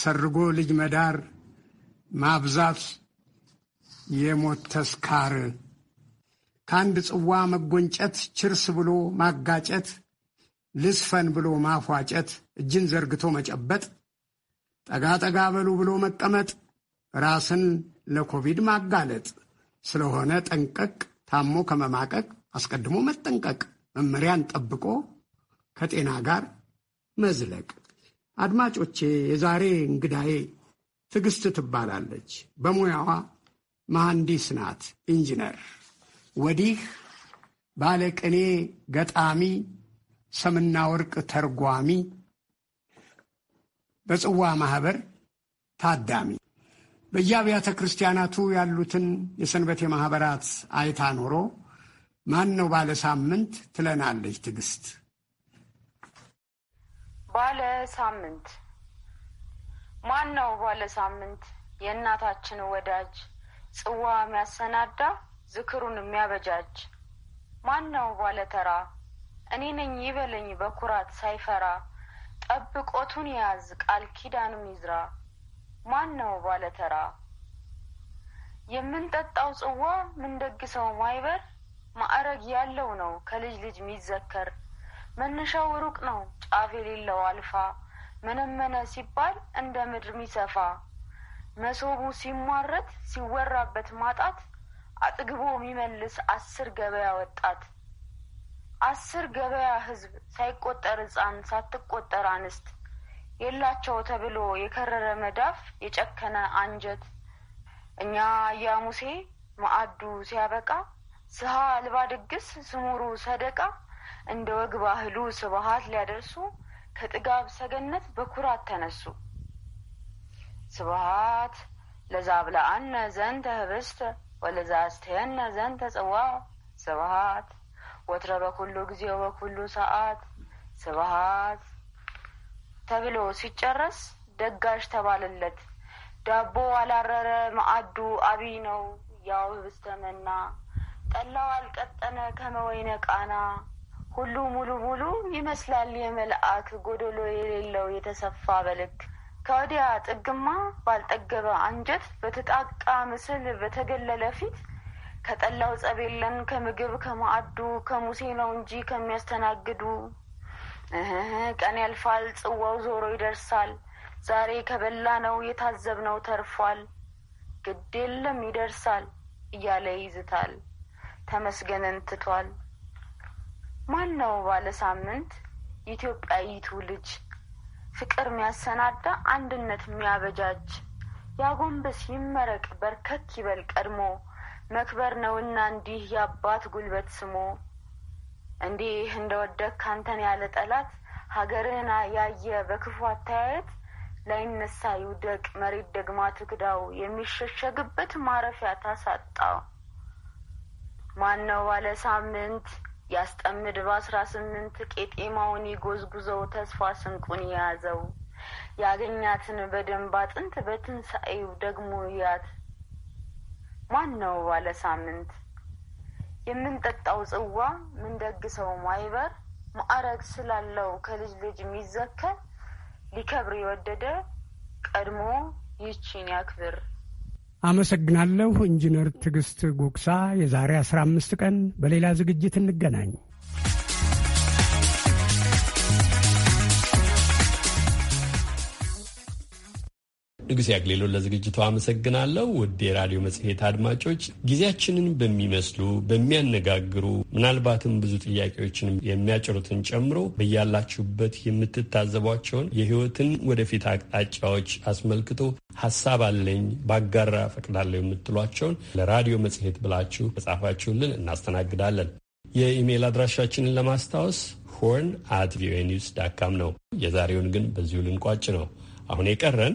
S8: ሰርጎ ልጅ መዳር፣ ማብዛት፣ የሞት ተስካር፣ ከአንድ ጽዋ መጎንጨት፣ ችርስ ብሎ ማጋጨት፣ ልስፈን ብሎ ማፏጨት፣ እጅን ዘርግቶ መጨበጥ፣ ጠጋ ጠጋ በሉ ብሎ መቀመጥ፣ ራስን ለኮቪድ ማጋለጥ ስለሆነ ጠንቀቅ፣ ታሞ ከመማቀቅ አስቀድሞ መጠንቀቅ፣ መመሪያን ጠብቆ ከጤና ጋር መዝለቅ። አድማጮቼ፣ የዛሬ እንግዳዬ ትዕግስት ትባላለች። በሙያዋ መሐንዲስ ናት፣ ኢንጂነር። ወዲህ ባለቅኔ ገጣሚ፣ ሰምና ወርቅ ተርጓሚ፣ በጽዋ ማህበር ታዳሚ በየአብያተ ክርስቲያናቱ ያሉትን የሰንበቴ ማኅበራት አይታ ኖሮ ማን ነው ባለ ሳምንት ትለናለች ትዕግስት።
S9: ባለ ሳምንት ማን ነው ባለ ሳምንት? የእናታችን ወዳጅ ጽዋ የሚያሰናዳ ዝክሩን የሚያበጃጅ ማን ነው ባለ ተራ? እኔ ነኝ ይበለኝ በኩራት ሳይፈራ ጠብቆቱን ያዝ ቃል ኪዳንም ይዝራ ማን ነው ባለተራ? የምንጠጣው ጽዋ ምንደግሰው ማይበር ማዕረግ ያለው ነው ከልጅ ልጅ የሚዘከር መነሻው ሩቅ ነው ጫፍ የሌለው አልፋ መነመነ ሲባል እንደ ምድር ሚሰፋ መሶቡ ሲሟረት ሲወራበት ማጣት አጥግቦ የሚመልስ አስር ገበያ ወጣት አስር ገበያ ህዝብ ሳይቆጠር ህፃን ሳትቆጠር አንስት የላቸው ተብሎ የከረረ መዳፍ የጨከነ አንጀት እኛ ያሙሴ ሙሴ ማዕዱ ሲያበቃ ስሀ አልባ ድግስ ስሙሩ ሰደቃ እንደ ወግ ባህሉ ስብሀት ሊያደርሱ ከጥጋብ ሰገነት በኩራት ተነሱ። ስብሀት ለዛብላአነ ዘንተ ወለዛ ወለዛስተየነ ዘንተ ጽዋ ስብሀት ወትረ በኩሉ ጊዜ በኩሉ ሰዓት ስብሀት ተብሎ ሲጨረስ ደጋሽ ተባለለት። ዳቦ አላረረ ማዕዱ አቢይ ነው ያው ብስተመና ጠላው አልቀጠነ ከመወይነ ቃና ሁሉ ሙሉ ሙሉ ይመስላል የመልአክ ጎደሎ የሌለው የተሰፋ በልክ ከወዲያ ጥግማ ባልጠገበ አንጀት በተጣቃ ምስል በተገለለ ፊት ከጠላው ጸብ የለን ከምግብ ከማዕዱ ከሙሴ ነው እንጂ ከሚያስተናግዱ ቀን ያልፋል፣ ጽዋው ዞሮ ይደርሳል። ዛሬ ከበላ ነው የታዘብ ነው ተርፏል። ግድ የለም ይደርሳል እያለ ይዝታል። ተመስገንን ትቷል። ማን ነው ባለ ሳምንት ኢትዮጵያዊቱ ልጅ ፍቅር ሚያሰናዳ አንድነት ሚያበጃጅ ያጎንበስ ይመረቅ በርከክ ይበል ቀድሞ መክበር ነውና እንዲህ የአባት ጉልበት ስሞ እንዲህ እንደወደቅ ካንተን ያለ ጠላት ሀገርህን ያየ በክፉ አተያየት ላይነሳ ይውደቅ መሬት ደግማ ትክዳው የሚሸሸግበት ማረፊያ ታሳጣው። ነው ባለ ሳምንት ያስጠምድ በአስራ ስምንት ቄጤማውን ይጎዝጉዘው ተስፋ ስንቁን የያዘው ያገኛትን በደንብ አጥንት በትንሣኤው ደግሞ ያት ማን ነው ባለ ሳምንት የምንጠጣው ጽዋ ምንደግሰው ማይበር ማዕረግ ስላለው ከልጅ ልጅ የሚዘከር ሊከብር የወደደ ቀድሞ ይቺን ያክብር።
S8: አመሰግናለሁ ኢንጂነር ትዕግስት ጉግሳ። የዛሬ አስራ አምስት ቀን በሌላ ዝግጅት እንገናኝ።
S1: ንጉሴ አክሊሎ ለዝግጅቱ አመሰግናለሁ። ውድ የራዲዮ መጽሔት አድማጮች ጊዜያችንን በሚመስሉ በሚያነጋግሩ ምናልባትም ብዙ ጥያቄዎችን የሚያጭሩትን ጨምሮ በያላችሁበት የምትታዘቧቸውን የሕይወትን ወደፊት አቅጣጫዎች አስመልክቶ ሀሳብ አለኝ ባጋራ ፈቅዳለሁ የምትሏቸውን ለራዲዮ መጽሔት ብላችሁ መጻፋችሁልን እናስተናግዳለን። የኢሜይል አድራሻችንን ለማስታወስ ሆርን አት ቪኦኤ ኒውስ ዳት ካም ነው። የዛሬውን ግን በዚሁ ልንቋጭ ነው። አሁን የቀረን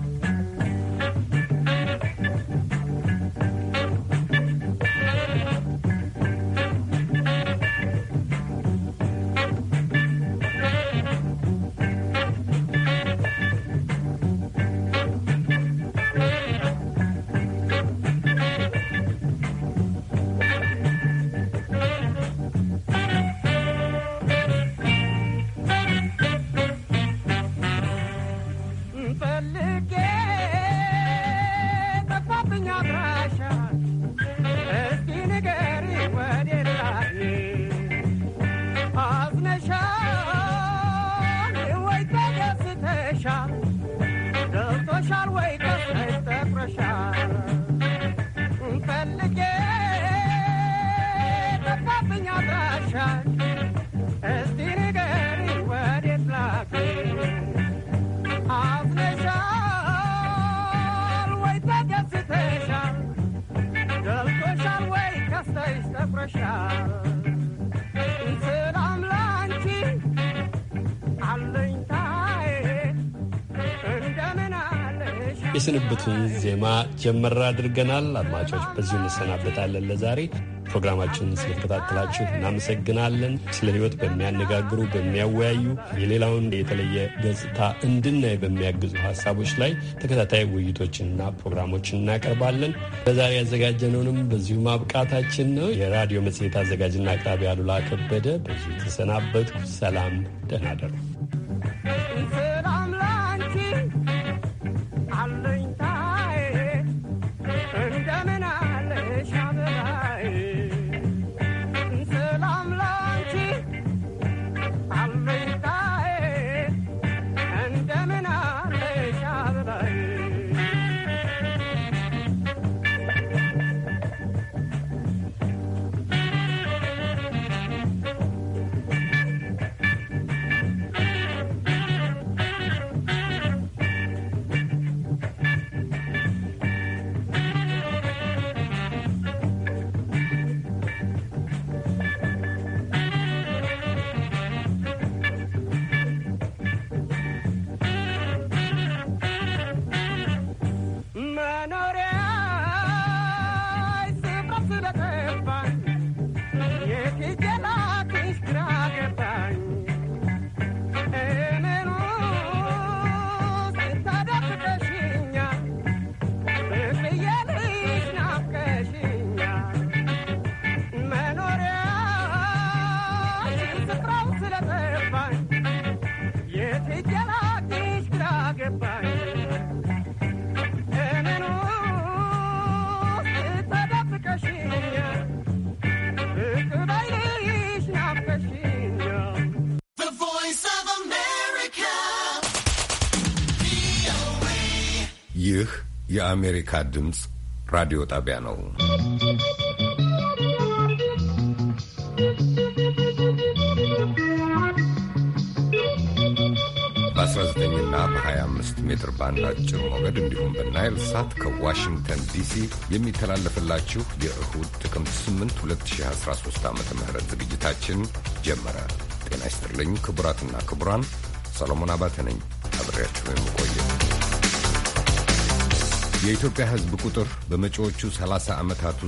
S1: የስንብቱን ዜማ ጀመር አድርገናል። አድማጮች በዚሁ እንሰናበታለን ለዛሬ። ፕሮግራማችንን ስለተከታተላችሁ እናመሰግናለን። ስለ ሕይወት በሚያነጋግሩ በሚያወያዩ፣ የሌላውን የተለየ ገጽታ እንድናይ በሚያግዙ ሀሳቦች ላይ ተከታታይ ውይይቶችንና ፕሮግራሞችን እናቀርባለን። በዛሬ ያዘጋጀነውንም በዚሁ ማብቃታችን ነው። የራዲዮ መጽሔት አዘጋጅና አቅራቢ አሉላ ከበደ በዚሁ ተሰናበትኩ። ሰላም፣ ደህና ደሩ።
S4: የአሜሪካ ድምፅ ራዲዮ ጣቢያ ነው። በ19ና በ25 ሜትር ባንድ አጭር ሞገድ እንዲሁም በናይል ሳት ከዋሽንግተን ዲሲ የሚተላለፍላችሁ የእሁድ ጥቅምት 8 2013 ዓ ም ዝግጅታችን ጀመረ። ጤና ይስጥልኝ ክቡራትና ክቡራን፣ ሰሎሞን አባተ ነኝ አብሬያችሁ የምቆየ የኢትዮጵያ ሕዝብ ቁጥር በመጪዎቹ 30 ዓመታት ውስጥ